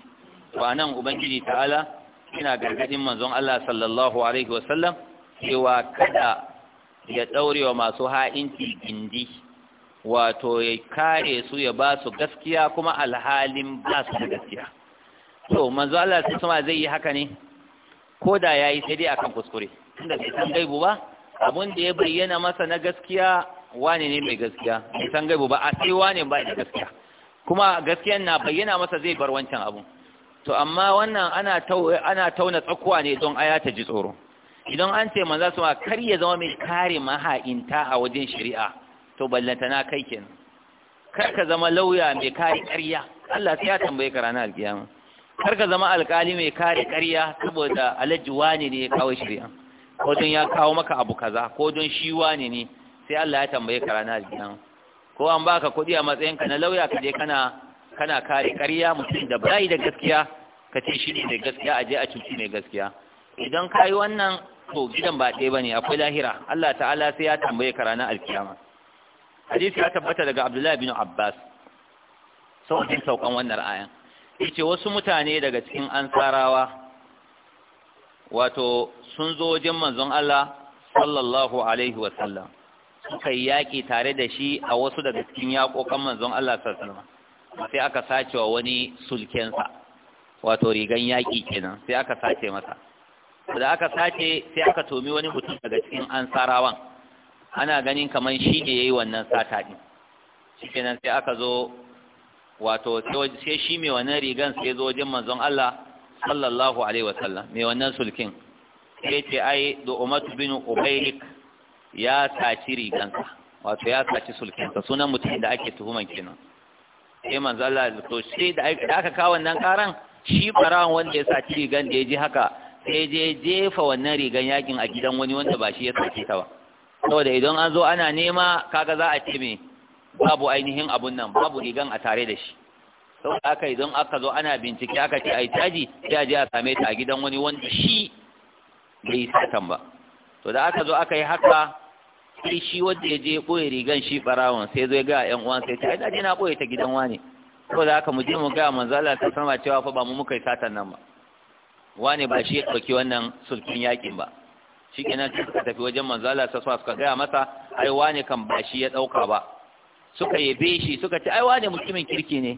to anan ubangiji ta'ala ina gargadin manzon Allah sallallahu alaihi wasallam cewa kada ya ɗaure wa masu ha'inci gindi wato ya kare su ya ba su gaskiya kuma alhalin ba su da gaskiya to manzo Allah sai kuma zai yi haka ne ko da yayi sai dai akan kuskure tunda bai san gaibu ba abun da ya bayyana masa na gaskiya wane ne mai gaskiya bai san gaibu ba a sai wane ba da gaskiya kuma gaskiyan na bayyana masa zai bar wancan abun to amma wannan ana ana tauna tsakuwa ne don aya ta ji tsoro idan an ce manza su ma kar ya zama mai kare maha'inta a wajen shari'a to ballanta na kai ke kar ka zama lauya mai kare ƙarya Allah sai ya tambaye ka ranar alkiyama kar ka zama alkali mai kare ƙarya saboda alhaji wani ne ya kawo shari'a ko don ya kawo maka abu kaza ko don shi wani ne sai Allah ya tambaye ka ranar alkiyama ko an baka kuɗi a matsayinka na lauya ka je kana kana kare ƙarya mutum da bayi da gaskiya ka ce shi ne da gaskiya a je a cuci mai gaskiya idan ka yi wannan to gidan ba ɗaya bane akwai lahira Allah ta'ala sai ya tambaye ka ranar alkiyama hadisi ya tabbata daga Abdullahi bin Abbas sauƙin saukan wannan ra'ayan yace wasu mutane daga cikin ansarawa wato sun zo wajen manzon Allah sallallahu alaihi wa sallam suka yaƙi tare da shi a wasu daga cikin yaƙoƙan manzon Allah sallallahu alaihi wa sai aka sace wa wani sulkensa wato rigan yaƙi kenan sai aka sace masa da aka sace sai aka tomi wani mutum daga cikin ansarawan ana ganin kamar shi ne ya yi wannan sata ɗin shi nan sai aka zo wato sai shi mai wannan rigan sai zo wajen manzon Allah sallallahu alaihi wasallam mai wannan sulkin sai ce ai da umatu bin ubairik ya saci rigansa wato ya saci ka sunan mutum da ake tuhuman kenan sai manzon Allah to sai da aka kawo wannan karan shi barawan wanda ya saci rigan da ya ji haka sai je jefa wannan rigan yakin a gidan wani wanda ba shi ya sake ta ba saboda idan an zo ana nema kaga za a ce me babu ainihin abun nan babu rigan a tare da shi Sau da aka idan aka zo ana bincike aka ce ai caji sai a je a same ta a gidan wani wanda shi bai satan ba to da aka zo aka yi haka sai shi wanda ya je ɓoye rigan shi ɓarawon sai zo ya ga yan uwan sai ce ai na na ɓoye ta gidan wani saboda haka mu je mu ga manzala ta sama cewa fa ba mu muka yi satan nan ba wani ba shi ya ɗauki wannan sulkin yakin ba shi kenan suka tafi wajen manzala sa suka gaya masa ai wane kan ba shi ya ɗauka ba suka yabe shi suka ce ai wani mutumin kirki ne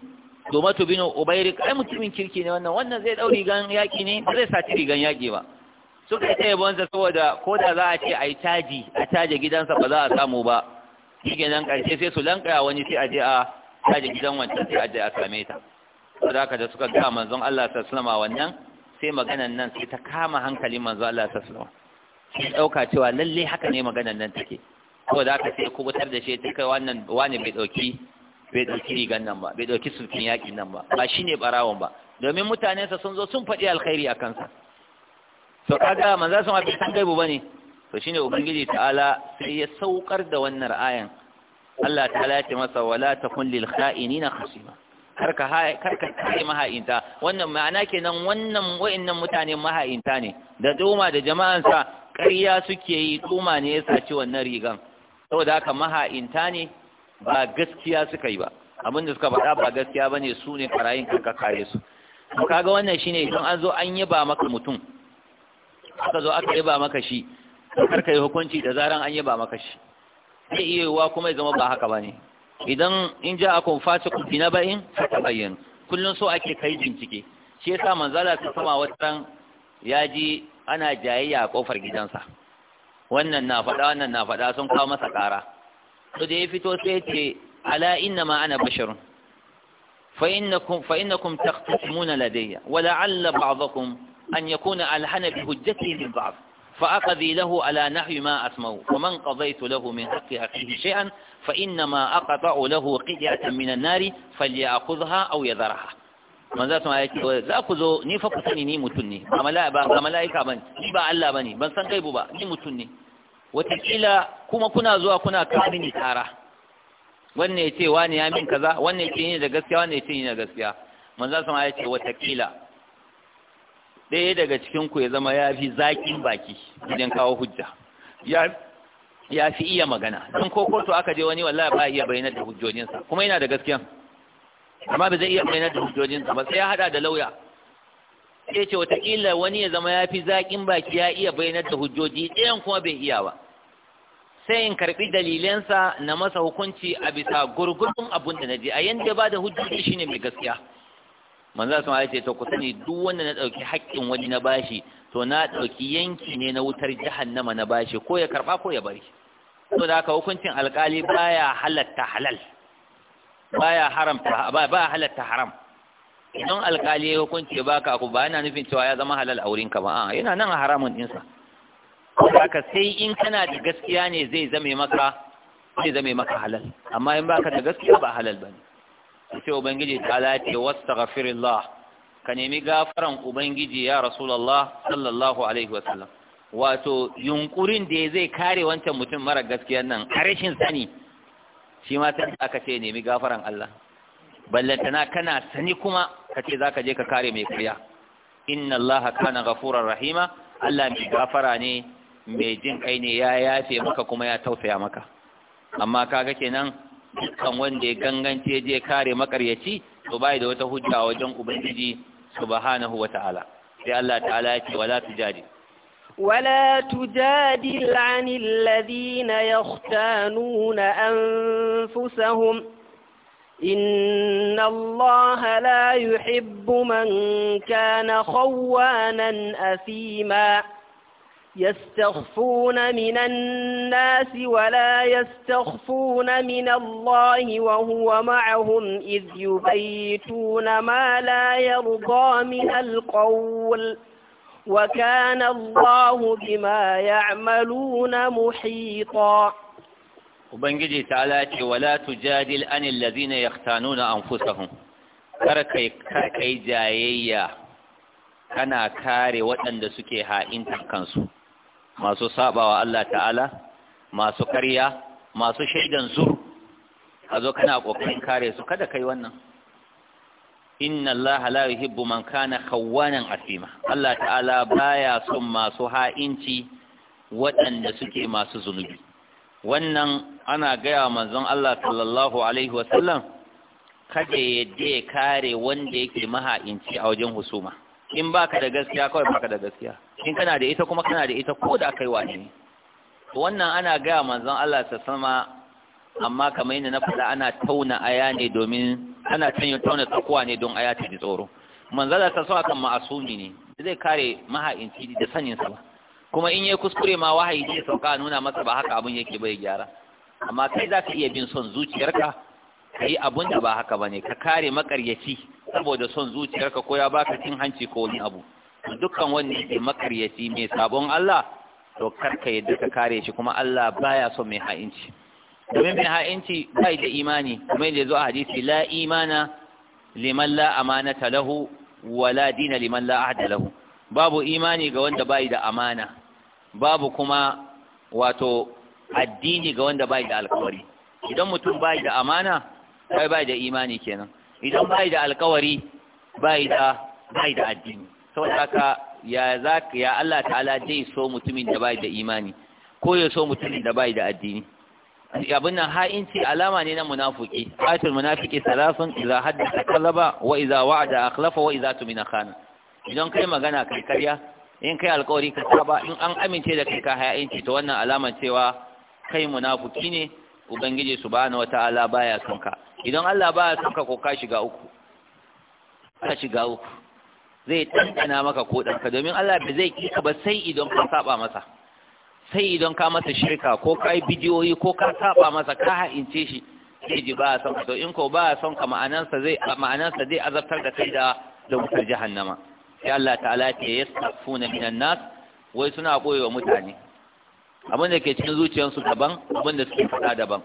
domatu bin ubairik ai mutumin kirki ne wannan wannan zai ɗau rigan yaƙi ne ba zai saci rigan yaƙi ba suka yi tsaye banza saboda ko da za a ce a yi caji a caje gidansa ba za a samu ba shi kenan ƙarshe sai su lankaya wani sai a je a caje gidan wancan sai a je a same ta saboda haka da suka ga manzon Allah sallallahu alaihi wasallam wannan sai maganan nan sai ta kama hankali manzo Allah ta sallama sai dauka cewa lalle haka ne maganan nan take ko da haka sai kubutar da shi take kai wannan wani bai dauki bai dauki rigan nan ba bai dauki sulkin yakin nan ba ba shine barawon ba domin sa sun zo sun faɗi alkhairi a kansa to kaga manzo sun abin san gaibu bane to shine ubangiji ta'ala sai ya saukar da wannan ayan Allah ta'ala ya ce masa wala takun lil kha'inina khasima kar ka kai maha'inta wannan ma'ana kenan wannan wa'annan mutane maha'inta ne da duma da jama'ansa ƙarya suke yi duma ne ya saci wannan rigan saboda haka maha'inta ne ba gaskiya suka yi ba abinda da suka faɗa ba gaskiya bane su ne karayin ka kare su to kaga wannan shine idan an zo an yaba maka mutum aka zo aka yaba maka shi kar ka yi hukunci da zaran an yaba maka shi zai iya yiwuwa kuma ya zama ba haka bane idan in ja akun fasikun bi naba'in fatabayyan Kullum so ake kai bincike shi yasa manzala ta sama watan ya ji ana jayayya a kofar gidansa wannan na faɗa wannan na faɗa sun kawo masa ƙara to da ya fito sai ce ala inna ma ana basharun fa innakum fa innakum taqtasimuna ladayya wa la'alla ba'dakum an yakuna alhana bi hujjatihi min ba'd فأقضي له على نحو ما أسمعه ومن قضيت له من حق أخيه شيئا فإنما أقطع له قطعة من النار فليأخذها أو يذرها man za su ma yake za ku zo ni fa ku sani ni mutum ne ba mala'ika ba ni ba Allah ba ne ban san gaibu ba ni mutum ne watakila kuma kuna zuwa kuna kawo ni tara wannan ya ce wani ya min kaza wannan ya ce ni da gaskiya wannan ya ce da gaskiya za su ɗaya daga cikinku ya zama ya fi baki idan kawo hujja ya fi iya magana don ko kotu aka je wani wallahi ba iya bayyana da hujjojinsa kuma yana da gaskiya amma ba zai iya bayyana da hujjojinsa ba sai ya hada da lauya sai ce wataƙila wani ya zama ya fi zaƙin baki ya iya bayyana da hujjoji ɗayan kuma bai iya ba sai in karɓi dalilansa na masa hukunci a bisa gurgurun abun da na je a yanda ba da hujjoji shine mai gaskiya manzo sun ce to ku sani duk wanda na ɗauki haƙƙin wani na bashi to na ɗauki yanki ne na wutar jahannama na bashi ko ya karɓa ko ya bari so da haka hukuncin alƙali baya halatta halal baya haramta baya halatta haram idan alƙali ya hukunci baka ku ba yana nufin cewa ya zama halal a wurin ka ba a yana nan a haramun ɗinsa haka sai in kana da gaskiya ne zai zame maka zai zame maka halal amma in baka da gaskiya ba halal bane sai ubangiji ta lati, ce wastaghfirullah ka nemi gafaran ubangiji ya rasulallah sallallahu alaihi wasallam wato yunkurin da zai kare wancan mutum mara gaskiya nan a rashin sani shi ma sai aka ce nemi gafaran Allah ballantana kana sani kuma ka ce zaka je ka kare mai kuriya inna allaha kana ghafurar rahima Allah mai gafara ne mai jin kai ne ya yafe maka kuma ya tausaya maka amma kaga kenan dukkan wanda ya gangance je kare makaryaci to bai da wata hujja wajen ubangiji سبحانه وتعالى لألا تعالى ولا ta'ala ولا تجادل عن الذين يختانون أنفسهم إن الله لا يحب من كان خوانا أثيماً يستخفون من الناس ولا يستخفون من الله وهو معهم إذ يبيتون ما لا يرضى من القول وكان الله بما يعملون محيطا وبنجي تعالى ولا تجادل عن الذين يختانون أنفسهم كركي كركي جايية كان كاري وأن سكي هائنت كنسو masu sabawa Allah ta'ala masu karya masu shaidan zur ka zo kana kokarin kare su kada kai wannan inna Allah la yuhibbu man kana khawanan asima Allah ta'ala baya son masu ha'inci waɗanda suke masu zunubi wannan ana gaya manzon Allah sallallahu alaihi wasallam kada ya kare wanda yake maha'inci a wajen husuma in baka da gaskiya kawai baka da gaskiya in kana da ita kuma kana da ita ko da kai wani wannan ana gaya manzon Allah ta sama amma kamar yadda na faɗa ana tauna aya ne domin ana tanya tauna tsakuwa ne don aya ta ji tsoro manzon Allah ta sama kan ma'asumi ne zai kare maha'inci da sanin sa ba kuma in yayi kuskure ma wahayi zai sauka nuna masa ba haka abun yake bai gyara amma kai zaka iya bin son zuciyarka kai abun da ba haka bane ka kare makaryaci saboda son zuciyarka ko ya baka cin hanci ko wani abu dukkan wani ke makaryaci mai sabon Allah to karka yadda ka kare shi kuma Allah baya son mai ha'inci domin mai ha'inci bai da imani kuma yadda zo a hadisi la imana liman la amanata lahu wala dina liman la ahda lahu babu imani ga wanda bai da amana babu kuma wato addini ga wanda bai da alƙawari. idan mutum bai da amana kai bai da imani kenan idan bai da alkawari bai da bai da addini saboda haka ya zaka ya Allah ta'ala zai so mutumin da bai da imani ko ya so mutumin da bai da addini abin nan ha'inci alama ne na munafiki ayatul munafiki salasun idza haddatha kallaba wa idza wa'ada akhlafa wa idza tumina khana idan kai magana kai karya in kai alƙawari ka saba in an amince da kai ka ha'inci to wannan alama cewa kai munafiki ne ubangiji subhanahu wataala baya son ka idan Allah ba ya sanka ko ka shiga uku ka shiga uku zai tantana maka ko ɗanka domin Allah bai zai kika ba sai idan ka saba masa sai idan ka masa shirka ko ka yi bidiyoyi ko ka saba masa ka ha'ince shi zai ji ba a son ka to in ko ba a son ka ma'anansa zai ma'anansa zai azabtar da kai da da wutar jahannama sai Allah ta'ala ke yasfuna minan nas wai suna boyewa mutane abin da ke cikin zuciyarsu daban abin da suke faɗa daban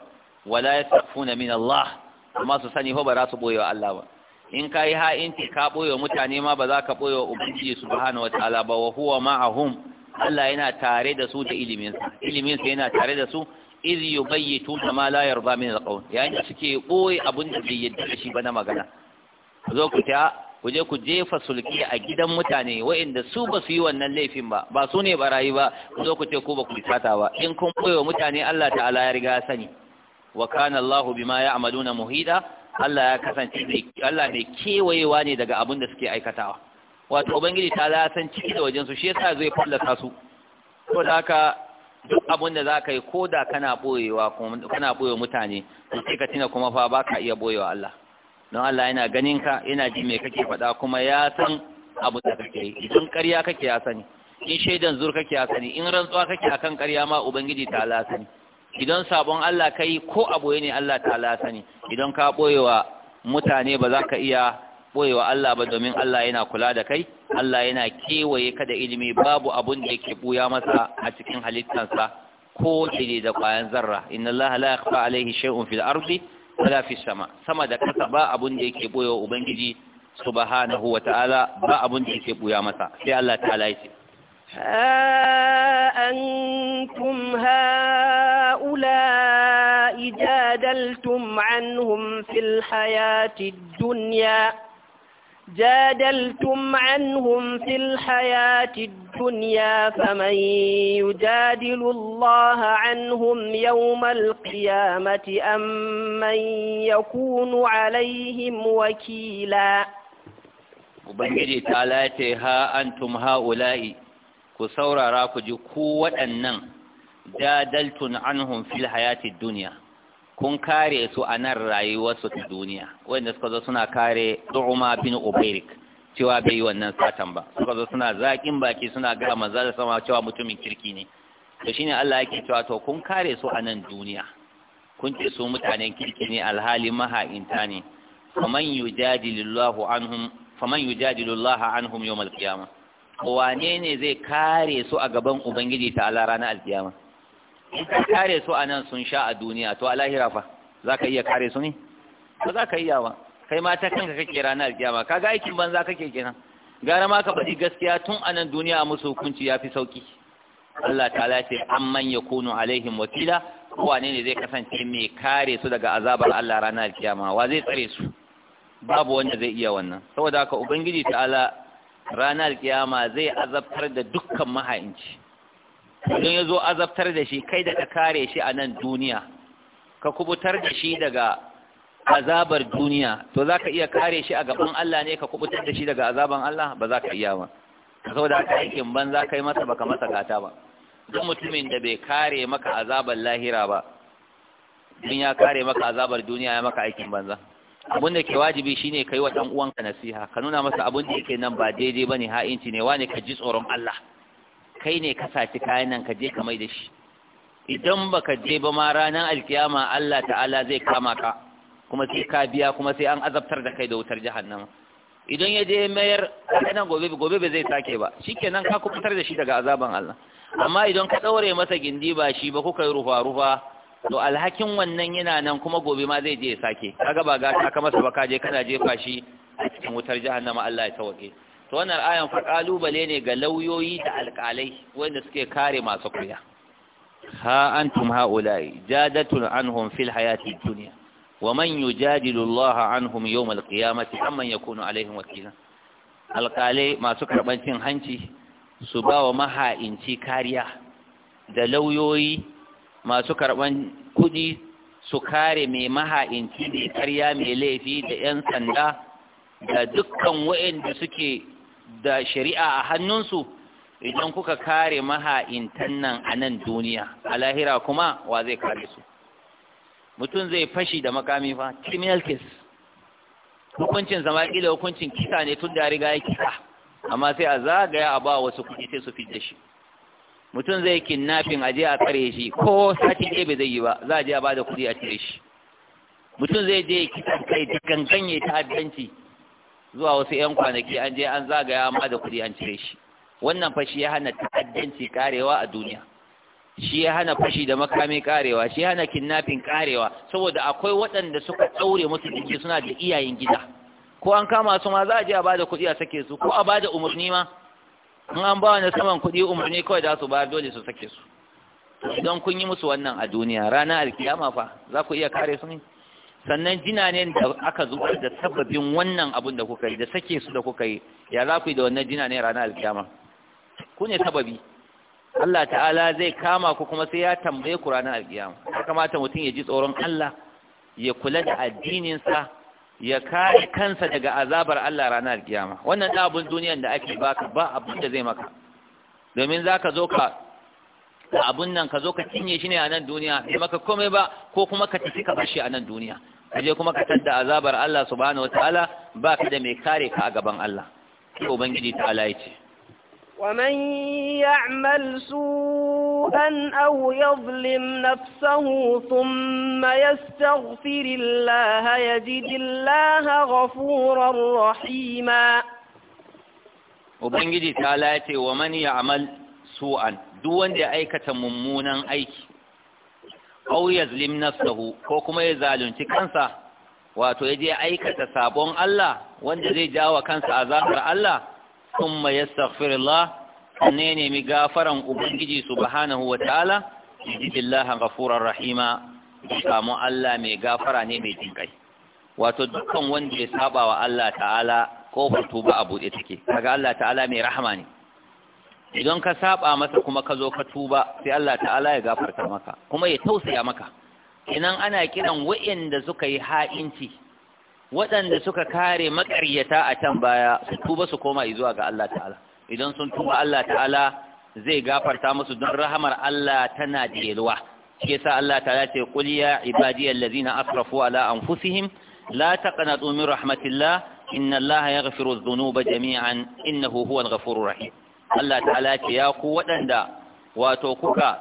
wala yasfuna min Allah amma su sani ho ba za su boye wa Allah ba in ka yi ha'inci ka boye mutane ma ba za ka boye wa ubangiji subhanahu ta'ala ba wa huwa ma'ahum Allah yana tare da su da iliminsa iliminsa yana tare da su iz yubayyitu ma la yarda min alqawl yayin da suke boye abin da bai yarda shi ba na magana zo ku ta ku je ku jefa sulki a gidan mutane waɗanda su ba su yi wannan laifin ba ba su ne barayi ba ku zo ku ce ku ba ku sata ba in kun boye mutane Allah ta'ala ya riga sani wa kana Allahu bima ya'maluna muhida Allah ya kasance Allah mai kewayewa ne daga abin da suke aikatawa wato ubangiji ta la san ciki da wajen su shi yasa zai fallasa su ko da haka duk abin da zaka yi ko da kana boyewa kana boye mutane to sai ka tina kuma fa baka iya boyewa Allah don Allah yana ganin ka yana ji me kake faɗa kuma ya san abu da kake yi idan ƙarya kake ya sani in shaidan zur kake ya sani in rantsuwa kake akan ƙarya ma ubangiji ta la idan sabon Allah ka yi ko a boye ne Allah ta'ala sani idan ka boyewa mutane ba za ka iya boyewa Allah ba domin Allah yana kula da kai Allah yana kewaye ka da ilimi babu abun da yake buya masa a cikin halittansa ko dai da kwayan zarra inna Allah la yakhfa alayhi shay'un fil ardi wala fis sama sama da kasa ba abun da yake boyewa ubangiji subhanahu wa ta'ala ba abun da yake buya masa sai Allah ta'ala ya ها أنتم هؤلاء جادلتم عنهم في الحياة الدنيا جادلتم عنهم في الحياة الدنيا فمن يجادل الله عنهم يوم القيامة أم من يكون عليهم وكيلا وبنجي تعالى ها أنتم هؤلاء ku saurara ku ji ku waɗannan jadaltun anhum fil hayati duniya kun kare su a nan rayuwarsu ta duniya wanda suka zo suna kare du'uma bin ubairik cewa bai yi wannan satan ba suka zo suna zaƙin baki suna ga maza da sama cewa mutumin kirki ne to shine Allah yake cewa to kun kare su a nan duniya kun ce su mutanen kirki ne alhali maha'inta ne faman yujadilullahu anhum faman yujadilullahu anhum yawmal qiyamah wane ne zai kare su a gaban ubangiji ta ala ranar alkiyama in ka kare su a nan sun sha a duniya to Alahira fa za ka iya kare su ne ba za ka iya ba kai ma ta kanka kake ranar alkiyama ka ga aikin banza kake kenan gara ma ka faɗi gaskiya tun a nan duniya musu hukunci ya fi sauki Allah ta ce an manya kunu alaihim wakila wane ne zai kasance mai kare su daga azabar Allah ranar alkiyama wa zai tsare su babu wanda zai iya wannan saboda haka ubangiji ta Ala. ranar kiyama zai azabtar da dukkan maha'inci idan ya zo azabtar da shi kai da ka kare shi a nan duniya ka kubutar da shi daga azabar duniya to za ka iya kare shi a gaban Allah ne ka kubutar da shi daga azaban Allah ba za ka iya ba da aka aikin ban za ka yi masa baka masa gata ba don mutumin da bai kare maka azabar lahira ba din ya kare maka azabar duniya ya maka aikin banza abin da ke wajibi shine kai wa dan uwanka nasiha ka nuna masa abin da yake nan ba daidai bane ha'inci ne wane ka ji tsoron Allah kai ne ka saci kayan nan ka je ka mai da shi idan baka je ba ma ranar alkiyama Allah ta'ala zai kama ka kuma sai ka biya kuma sai an azabtar da kai da wutar jahannama idan ya je mayar kana gobe gobe bai zai sake ba shikenan ka fitar da shi daga azaban Allah amma idan ka daure masa gindi ba shi ba kuka yi rufa rufa to alhakin wannan yana nan kuma gobe ma zai je ya sake kaga ba ga ka masa ba ka je kana jefa shi a cikin wutar jahannama Allah ya tawake to wannan ayan fa kalubale ne ga lauyoyi da alƙalai wanda suke kare masu kuya ha antum haula'i jadatun anhum fil hayati dunya wa man yujadilu Allah anhum yawm alqiyamati qiyamati amman yakunu alaihim wakila alƙalai masu karban cin hanci su ba wa maha'inci kariya da lauyoyi masu karɓan kuɗi su kare mai maha'inci mai karya mai laifi da 'yan sanda da dukkan wa'inda suke da shari'a a hannunsu idan kuka kare maha'intan nan a nan duniya a lahira kuma wa zai kare su mutum zai fashi da makami fa criminal case hukuncin zama ila hukuncin kisa ne tun da riga ya kisa amma sai a zagaya a ba wasu kuɗi sai su fi da shi mutum zai kidnapping aje a tsare shi ko sati ɗaya bai zai yi ba za a je a bada kuɗi a cire shi mutum zai je kitan kai da gangan ya ta'addanci zuwa wasu 'yan kwanaki an je an zagaya ma da kuɗi an cire shi wannan fashi ya hana ta'addanci karewa a duniya shi ya hana fashi da makami karewa shi ya hana kidnapping karewa saboda akwai waɗanda suka ɗaure musu jiki suna da iyayen gida ko an kama su ma za a je a bada kuɗi a sake su ko a bada umarni ma in an ba wani saman kuɗi umarni kawai za su ba dole su sake su idan kun yi musu wannan a duniya rana alkiyama fa za ku iya kare su ne sannan jina ne da aka zubar da sababin wannan abun da kuka yi da sake su da kuka yi ya za ku yi da wannan jina ne ranar alkiyama ku ne sababi Allah ta'ala zai kama ku kuma sai ya tambaye ku ranar alkiyama ya kamata mutum ya ji tsoron Allah ya kula da addininsa ya kare kansa daga azabar Allah ranar kiyama wannan abun duniyan da ake baka ba abin da zai maka domin zaka zo ka da abun nan ka zo ka cinye shi ne a nan duniya sai maka komai ba ko kuma ka tafi ka bashi a nan duniya ka je kuma ka tada azabar Allah subhanahu wataala ba ka da mai kare ka a gaban Allah sai ubangiji ta Allah ya ce ومن يعمل سوءا أو يظلم نفسه ثم يستغفر الله يجد الله غفورا رحيما وبنجي تعالى ومن يعمل سوءا دون دي أيكة ممونا أيك أو يظلم نفسه كوكما يزالون تكنسا wato ya je aikata sabon Allah wanda zai jawo kansa azabar Allah thumma yastaghfirullah ne nemi gafaran ubangiji su subhanahu wataala billahi ghafurar rahima samu Allah mai gafara ne mai jinkai wato dukkan wanda ya saba wa Allah ta'ala ko kofar tuba a buɗe take kaga Allah ta'ala mai rahama ne idan ka saba masa kuma ka zo ka tuba sai Allah ta'ala ya gafarta maka kuma ya tausaya maka idan ana kiran wa'anda suka yi ha'inci waɗanda suka kare makaryata a can baya su tuba su koma zuwa ga Allah ta'ala idan sun tuba Allah ta'ala zai gafarta musu don rahamar Allah tana jelwa ke sa Allah ta'ala ce qul ya ibadiyal ladina asrafu ala anfusihim la taqnatu min rahmatillah inna Allah yaghfiru dhunuba jami'an innahu huwal ghafurur rahim Allah ta'ala ce ya ku waɗanda wato kuka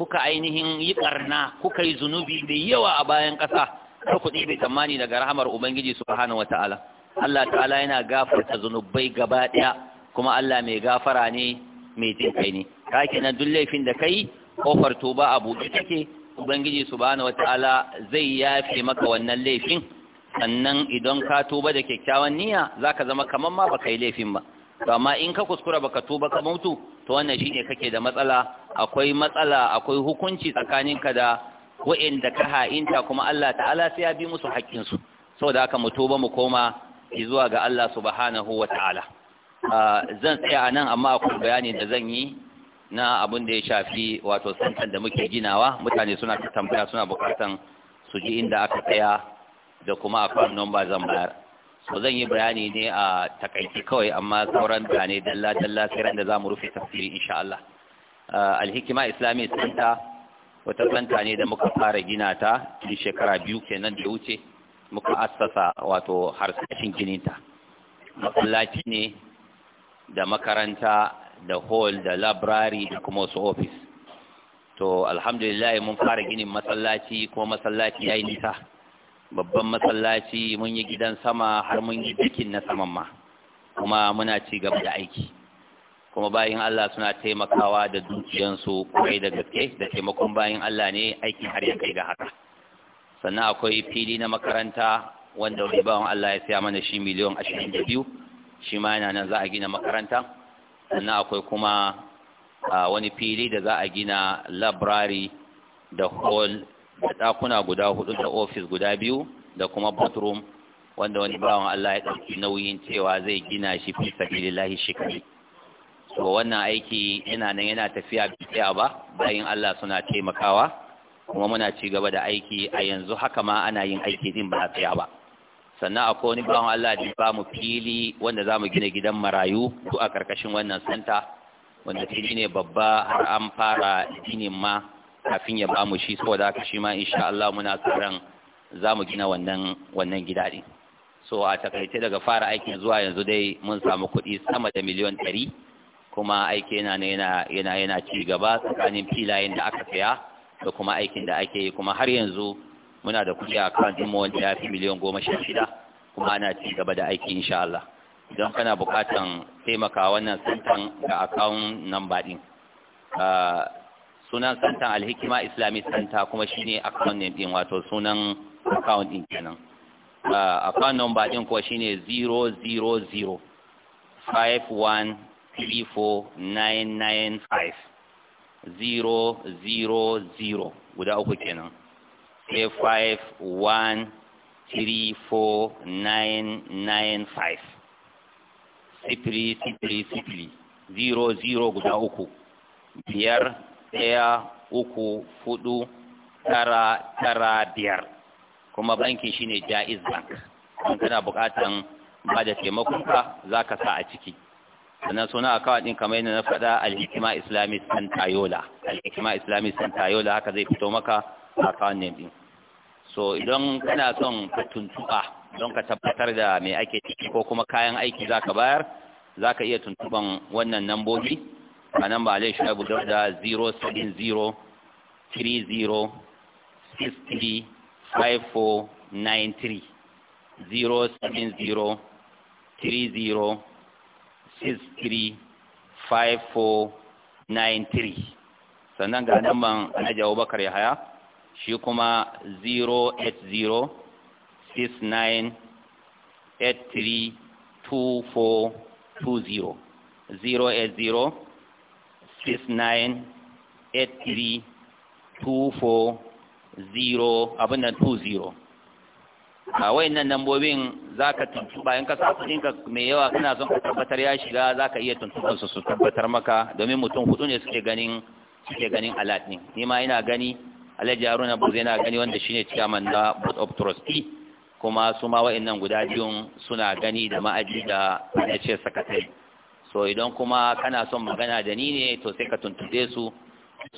kuka ainihin yi ƙarna kuka yi zunubi da yawa a bayan ƙasa kar ku ɗebe tsammani daga rahamar ubangiji subhanahu wataala Allah ta'ala yana gafarta zunubai gaba ɗaya kuma Allah mai gafara ne mai jin kai ne ka kenan duk laifin da kai kofar tuba a buɗe take ubangiji subhanahu wataala zai yafe maka wannan laifin sannan idan ka tuba da kyakkyawan niyya zaka zama kamar ma baka yi laifin ba to amma in ka kuskura baka tuba ka mutu to wannan shine kake da matsala akwai matsala akwai hukunci tsakaninka da wa'inda ka ha'inta kuma Allah ta'ala sai ya bi musu haƙƙinsu saboda haka mu tuba mu koma zuwa ga Allah subhanahu wa ta'ala zan tsaya a nan amma akwai bayani da zan yi na abin da ya shafi wato santan da muke ginawa mutane suna ta tambaya suna bukatan su ji inda aka tsaya da kuma akwai nomba zan bayar so zan yi bayani ne a takaici kawai amma sauran bayanai dalla dalla sai ran da zamu rufe tafsiri insha Allah alhikima islami santa wata planta ne da muka fara gina ta tun shekara biyu kenan da wuce muka assasa wato harsashin gininta masallaci ne da makaranta da hall da labrari da kuma wasu ofis to alhamdulillah mun fara ginin masallaci ko masallaci ya yi nisa babban masallaci mun yi gidan sama har mun yi bikin na saman ma kuma muna ci gaba da aiki kuma bayan Allah suna taimakawa da dukiyansu kai da gaske da taimakon bayan Allah ne aikin har ya kai ga haka sannan akwai fili na makaranta wanda wani bawan Allah ya siya mana shi miliyon ashirin da biyu shi ma yana nan za a gina makaranta sannan akwai kuma wani fili da za a gina labrari da hall da ɗakuna guda hudu da ofis guda biyu da kuma bathroom wanda wani bawan Allah ya ɗauki nauyin cewa zai gina shi fi sabilillahi shi So wannan aiki yana nan yana tafiya biya ba bayan Allah suna taimakawa kuma muna ci gaba da aiki a yanzu haka ma ana yin aiki din ba tsaya ba sannan akwai wani bawan Allah da ba mu fili wanda za mu gina gidan marayu ko a karkashin wannan santa wanda fili ne babba har an fara ginin ma kafin ya ba mu shi saboda haka shi ma insha Allah muna tsaron za mu gina wannan wannan gida din so a takaice daga fara aikin zuwa yanzu dai mun samu kuɗi sama da miliyan ɗari kuma aiki yana yana yana yana ci gaba tsakanin filayen da aka saya da kuma aikin da ake yi kuma har yanzu muna da kuɗi a kan mu wanda ya fi miliyan goma sha shida kuma ana ci gaba da aiki insha Allah idan kana buƙatan taimaka wannan santan ga akawun nan baɗin sunan santan alhikima islami santa kuma shi ne akawun ne ɗin wato sunan akawun ɗin kenan akawun nan baɗin kuwa shine 000 51 three four nine nine five zero zero zero guda uku kenan five one three four nine nine five sifiri sifiri sifiri zero zero guda uku biyar ɗaya uku hudu tara tara biyar kuma bankin shine jaiz bank kuma kana bukatan ba da taimakonka za ka sa a ciki sannan suna account din kamar yadda na faɗa al-hikima islamic santa yola al-hikima islamic santa yola haka zai fito maka a name din so idan kana son tuntuɓa don ka tabbatar da me ake ciki ko kuma kayan aiki zaka bayar zaka iya tuntuɓan wannan nambobi a nan ba alai shu'abu da 070 30 60 5493 070 30 635493 sannan ga namban alhaji abubakar yahaya shi kuma 080 69 83 2420 abin nan 20 a wayannan lambobin za ka tuntuba in ka mai yawa kana son ka tabbatar ya shiga za ka iya tuntuban su tabbatar maka domin mutum hudu ne suke ganin suke ganin alat ne ni ma ina gani alhaji haruna buzu yana gani wanda shine chairman na board of trustee kuma su ma wayannan guda biyun suna gani da ma'aji da ce sakatai. so idan kuma kana son magana da ni ne to sai ka tuntube su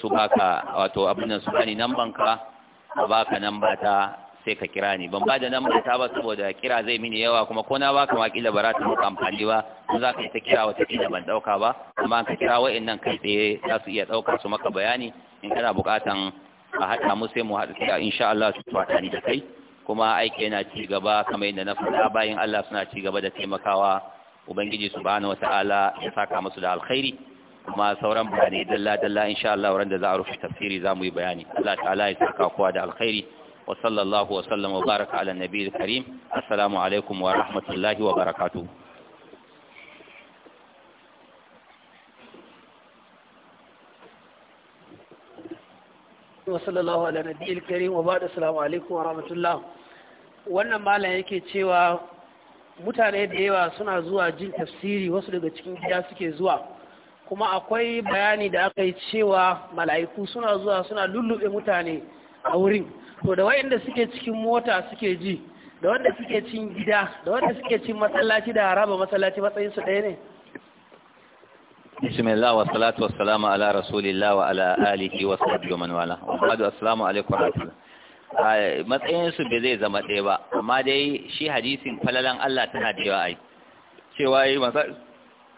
su baka wato abin nan su gani nan banka a baka nan ba ta sai ka kira ni ban ba nan ta ba saboda kira zai mini yawa kuma ko na baka makila ba za ta muka amfani ba in za ka yi ta kira wata kila ban dauka ba amma ka kira nan kai tsaye za su iya dauka su maka bayani in kana bukatan a haɗa mu sai mu haɗu ta insha Allah su ni da kai kuma aiki yana ci gaba kamar yadda na faɗa bayan Allah suna ci gaba da taimakawa ubangiji subhanahu wataala ya saka musu da alkhairi kuma sauran bayanai dalla dalla insha Allah da za a rufe tafsiri za mu yi bayani Allah ta'ala ya saka kowa da alkhairi وصلى الله وسلم وبارك على النبي الكريم السلام عليكم ورحمة الله وبركاته وصلى الله على النبي الكريم وبعد السلام عليكم ورحمة الله wannan malam yake cewa mutane da yawa suna zuwa jin tafsiri wasu daga cikin gida suke zuwa kuma akwai bayani da aka yi cewa mala'iku suna zuwa suna lullube mutane a wurin to da wayanda suke cikin mota suke ji da wanda suke cin gida da wanda suke cin masallaci da haraba masallaci matsayin su ɗaya ne bismillah wa salatu wa salamu ala rasulillah wa ala alihi wa sahbihi wa man wala wa ba'du assalamu alaikum wa rahmatullah matsayin su bai zai zama ɗaya ba amma dai shi hadisin falalan Allah tana da yawa ai cewa yi masa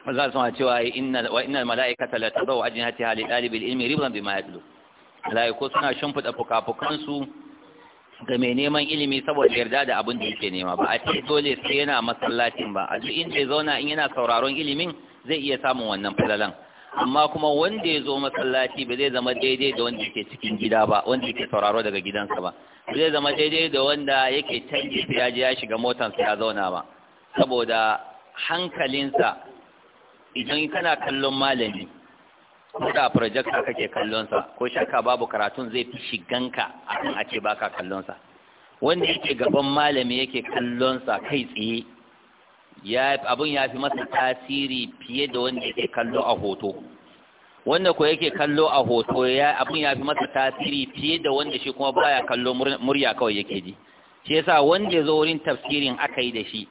maza sun cewa inna wa innal malaikata la tadawu ajnihatiha li talibil ilmi riban bima yatlu malaiku suna shimfida fukafukan su ga mai neman ilimi saboda yarda da abin da yake nema ba a ce dole sai yana masallacin ba a duk inda ya zauna in yana sauraron ilimin zai iya samun wannan falalan amma kuma wanda ya zo masallaci ba zai zama daidai da wanda yake cikin gida ba wanda yake sauraro daga gidansa ba zai zama daidai da wanda yake canji ya je ya shiga motansa ya zauna ba saboda hankalinsa idan kana kallon malami ko da projector kake kallon sa ko shakka babu karatun zai fi shiganka akan a ake baka kallon sa wanda yake gaban malami yake kallon sa kai tsaye ya abun ya fi masa tasiri fiye da wanda yake kallo a hoto wanda ko yake kallo a hoto ya abun ya fi masa tasiri fiye da wanda shi kuma baya kallo murya kawai yake ji shi yasa wanda ya zo wurin tafsirin aka yi da shi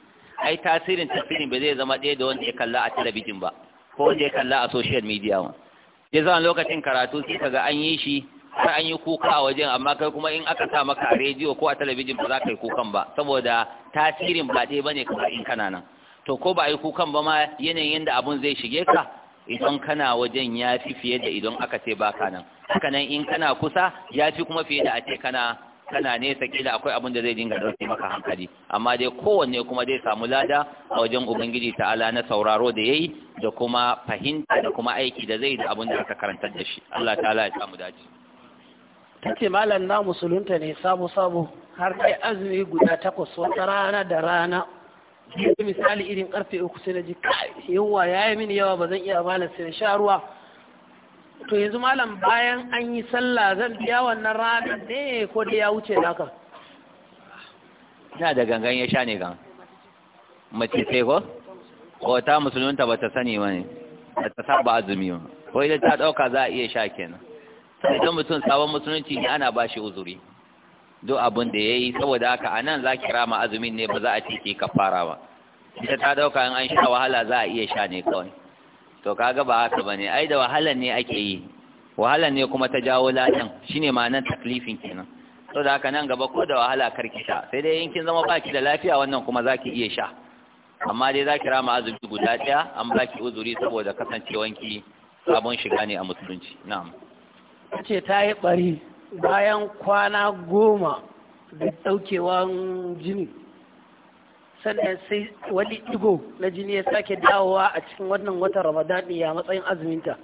ai tasirin tafsirin ba zai zama ɗaya da wanda ya kalla a talabijin ba ko wanda ya kalla a social media ma ya zama lokacin karatu sai ga an yi shi har an yi kuka a wajen amma kai kuma in aka sa maka a rediyo ko a talabijin ba za ka yi kukan ba saboda tasirin ba ɗaya ne kamar in kana nan to ko ba a yi kukan ba ma yanayin yadda abun zai shige ka idan kana wajen ya fi fiye da idan aka ce ba ka nan haka nan in kana kusa ya fi kuma fiye da a ce kana kana nesa kila akwai abin da zai dinga ɗauke maka hankali amma dai kowanne kuma zai samu lada a wajen ubangiji ta'ala na sauraro da yayi da kuma fahimta da kuma aiki da zai da abin da aka karanta da shi Allah ta'ala ya samu dace tace malam na musulunta ne sabo sabo har kai azumi guda takwas wata rana da rana misali irin karfe uku sai na ji kai yawa yayi mini yawa ba zan iya malam sai sharuwa". sha ruwa to yanzu malam bayan an yi sallah zan biya wannan rana ne ko da ya wuce haka ina da gangan ya sha ne gan mace sai ko ko ta musulunta ba ta sani ba ne ba ta saba azumi ba ko idan ta ɗauka za a iya sha kenan sai don mutum sabon musulunci ne ana ba shi uzuri duk abin da ya yi saboda haka a nan za ki rama azumin ne ba za a ce ki kafara ba ita ta ɗauka in an sha wahala za a iya sha ne kawai to kaga ba haka bane ai da wahala ne ake yi wahala ne kuma ta jawo ladan shine ma'anar taklifin kenan to da haka nan gaba ko da wahala karki sha sai dai yankin zama baki da lafiya wannan kuma zaki iya sha amma dai zaki rama azumi guda daya an baki uzuri saboda wanki sabon shiga ne a musulunci na'am ce ta yi bari bayan kwana goma da daukewan jini sannan sai wani ɗigo na jini ya sake dawowa a cikin wannan watan ramadan ya matsayin azuminta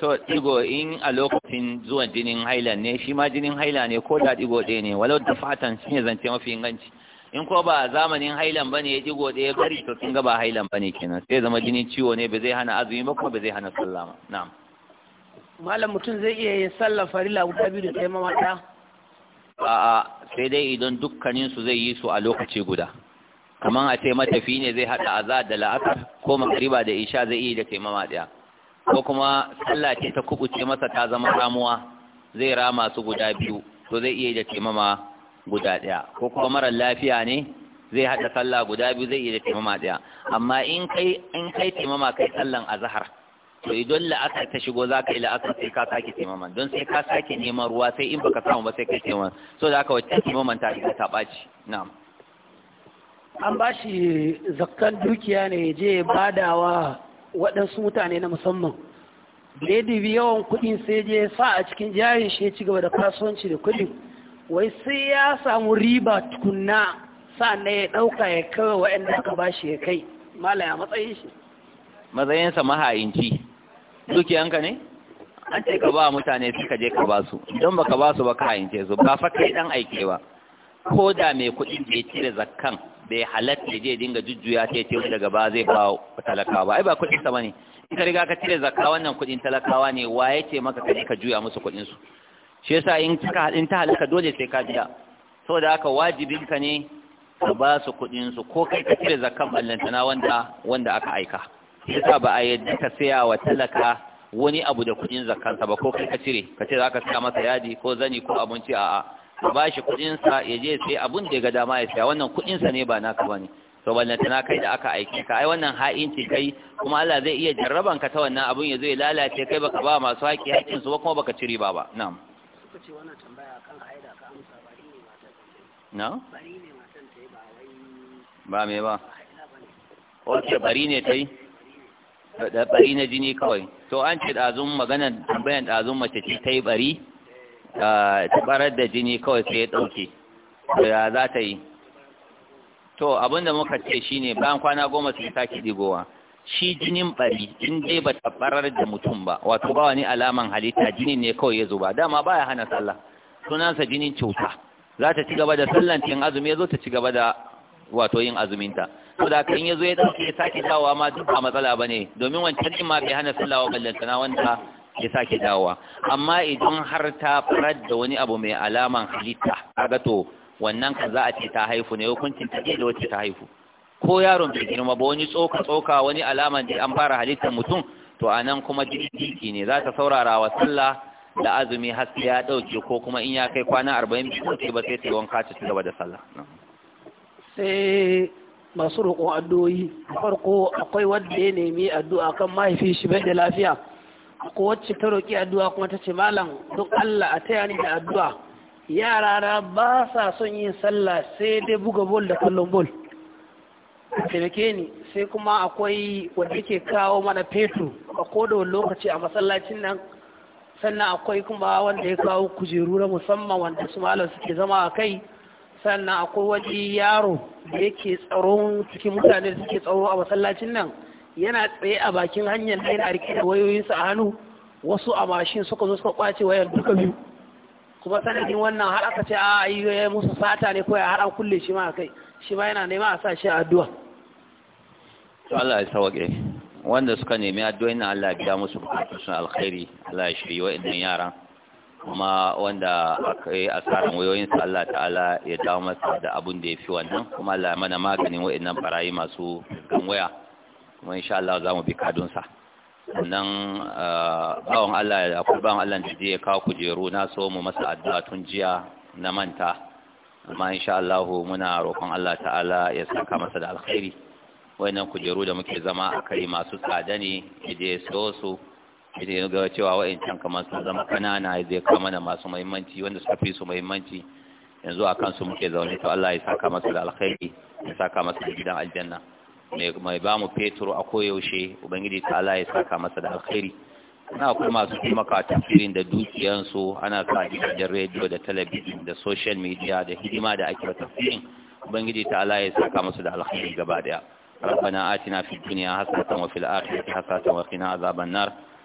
to ɗigo in a lokacin zuwan jinin haila ne shi ma jinin haila ne ko da ɗigo ɗaya ne walau da fatan shi ne zance mafi inganci in ko ba zamanin hailan bane ya digo ɗaya bari to kin ga ba hailan bane kenan sai zama jinin ciwo ne ba zai hana azumi ba kuma ba zai hana sallama na'am malam mutum zai iya yin sallar farila guda biyu da taimama mata. a'a sai dai idan dukkaninsu zai yi su a lokaci guda kamar a ce matafi ne zai haɗa azad da la'akar ko makariba da isha zai yi da taimama ɗaya ko kuma sallah ce ta kubuce masa ta zama ramuwa zai rama su guda biyu to zai iya da taimama guda ɗaya ko kuma mara lafiya ne zai haɗa sallah guda biyu zai iya da taimama ɗaya amma in kai in kai taimama kai sallan azhar to idan aka ta shigo za ka aka sai ka sake taimaman don sai ka sake neman ruwa sai in baka samu ba sai ka taimaman so da aka wacce taimaman ta riga ta baci na'am an ba shi zakkan dukiya ne je badawa waɗansu mutane na musamman da ya dubi yawan kuɗin sai je sa a cikin jarin shi ya ci gaba da kasuwanci da kuɗin wai sai ya samu riba tukunna sa'an ya ɗauka ya kawai waɗanda aka ba shi ya kai malaya matsayin shi matsayinsa mahayinci dukiyanka ne an ce ka ba mutane suka ka je ka ba su don baka ba su ba ka hayince su ba fa kai dan aike ba ko da mai kuɗi bai cire zakkan bai halatta ya je dinga jujjuya ta ce daga ba zai ba talakawa ba ai ba kuɗin sa bane in ka riga ka cire zakka wannan kuɗin talakawa ne wa yake ce maka je ka juya musu kuɗin su shi yasa in ka in ta halaka dole sai ka biya saboda haka wajibin ka ne ka ba su kuɗin su ko kai ka cire zakkan ballantana wanda wanda aka aika yasa ba a yadda ka saya wa talaka wani abu da kudin zakansa ba ko kai ka cire ka ce zaka saya masa yadi ko zani ko abinci a'a ka ba shi kudin sa ya je sai abun da ya ga dama ya saya wannan kudin sa ne ba naka bane to wannan tana kai da aka aiki ka ai wannan ha'inci kai kuma Allah zai iya jarraban ka ta wannan abun ya zo ya lalace kai baka ba masu haƙi haƙin su ba kuma baka cire ba ba na'am suka ce wannan tambaya kan haida ka amsa bari ne matan na'am bari ne matan ta ba wai ba me ba wace bari ne ta yi da bari na jini kawai to an ce ɗazun magana tambayan ɗazun mace ce ta yi bari ta barar da jini kawai sai ya ɗauke da za ta yi to abinda muka ce shine bayan kwana goma sai ki digowa shi jinin bari in dai ba ta barar da mutum ba wato ba wani alaman halitta jinin ne kawai ya ba. dama baya hana sallah sunansa jinin cuta za ta ci gaba da sallan cin azumi ya zo ta ci gaba da wato yin azuminta to da kan yazo ya dauke ya sake dawowa ma duk a matsala ba ne, domin wancan din ma bai hana sallawa ballanta na wanda ya sake dawowa amma idan har ta farar da wani abu mai alaman halitta kaga to wannan ka za a ce ta haifu ne hukuncin ta da wacce ta haifu ko yaron bai girma ba wani tsoka tsoka wani alaman da an fara halittar mutum to anan kuma jiki ne za ta saurara wa sallah da azumi har sai ya dauke ko kuma in ya kai kwana 40 bai ba sai ta yi wanka ta ci gaba da sallah sai masu roƙon addu'o'i farko akwai wanda ya nemi addu'a kan mahaifin shi bai da lafiya ko wacce ta roƙi addu'a kuma ta ce malam don Allah a taya ni da addu'a yara na ba sa son yin sallah sai dai buga bol da kallon bol taimake ni sai kuma akwai wanda ke kawo mana fetur a kodawar lokaci a masallacin nan sannan akwai kuma wanda ya kawo kujeru na musamman wanda su malam suke zama a kai sannan akwai wani yaro da yake tsaron cikin mutane da suke tsaro a masallacin nan yana tsaye a bakin hanyar da yana rike da wayoyinsa a hannu wasu a mashin suka zo suka kwace wayar duka biyu kuma sanadin wannan har aka ce a yi musu sata ne ko ya har an kulle shi ma kai shi ma yana nema a sa shi a addu'a to Allah ya sauke wanda suka nemi addu'a ina Allah ya biya musu bukatun alkhairi Allah ya shiri wa'annan yaran kuma wanda aka yi wayoyin wayoyinsa Allah ta'ala ya dawo masa da abun da ya fi wannan kuma Allah mana maganin wa'annan barayi masu kan waya kuma insha Allah za mu bi kadunsa sannan ah, bawan Allah ya akwai bawan Allah da ya kawo kujeru na so mu masa addu'a tun jiya na manta amma insha Allah muna roƙon Allah ta'ala ya saka masa da alkhairi wayannan kujeru da muke zama a kai masu tsada ne ya je so su idan ga cewa wa'ancan kamar sun zama kanana zai kama da masu muhimmanci wanda suka fi su mahimmanci yanzu a kansu muke zaune to Allah ya saka masa da alkhairi ya saka masa da gidan aljanna mai ba mu fetur a koyaushe ubangiji ta Allah ya saka masa da alkhairi ana kuma masu taimaka tafirin da dukiyansu ana sa da rediyo da talabijin da social media da hidima da ake tafirin ubangiji ta Allah ya saka masa da alkhairi gaba daya ربنا آتنا في الدنيا حسنة وفي الآخرة حسنة وقنا عذاب النار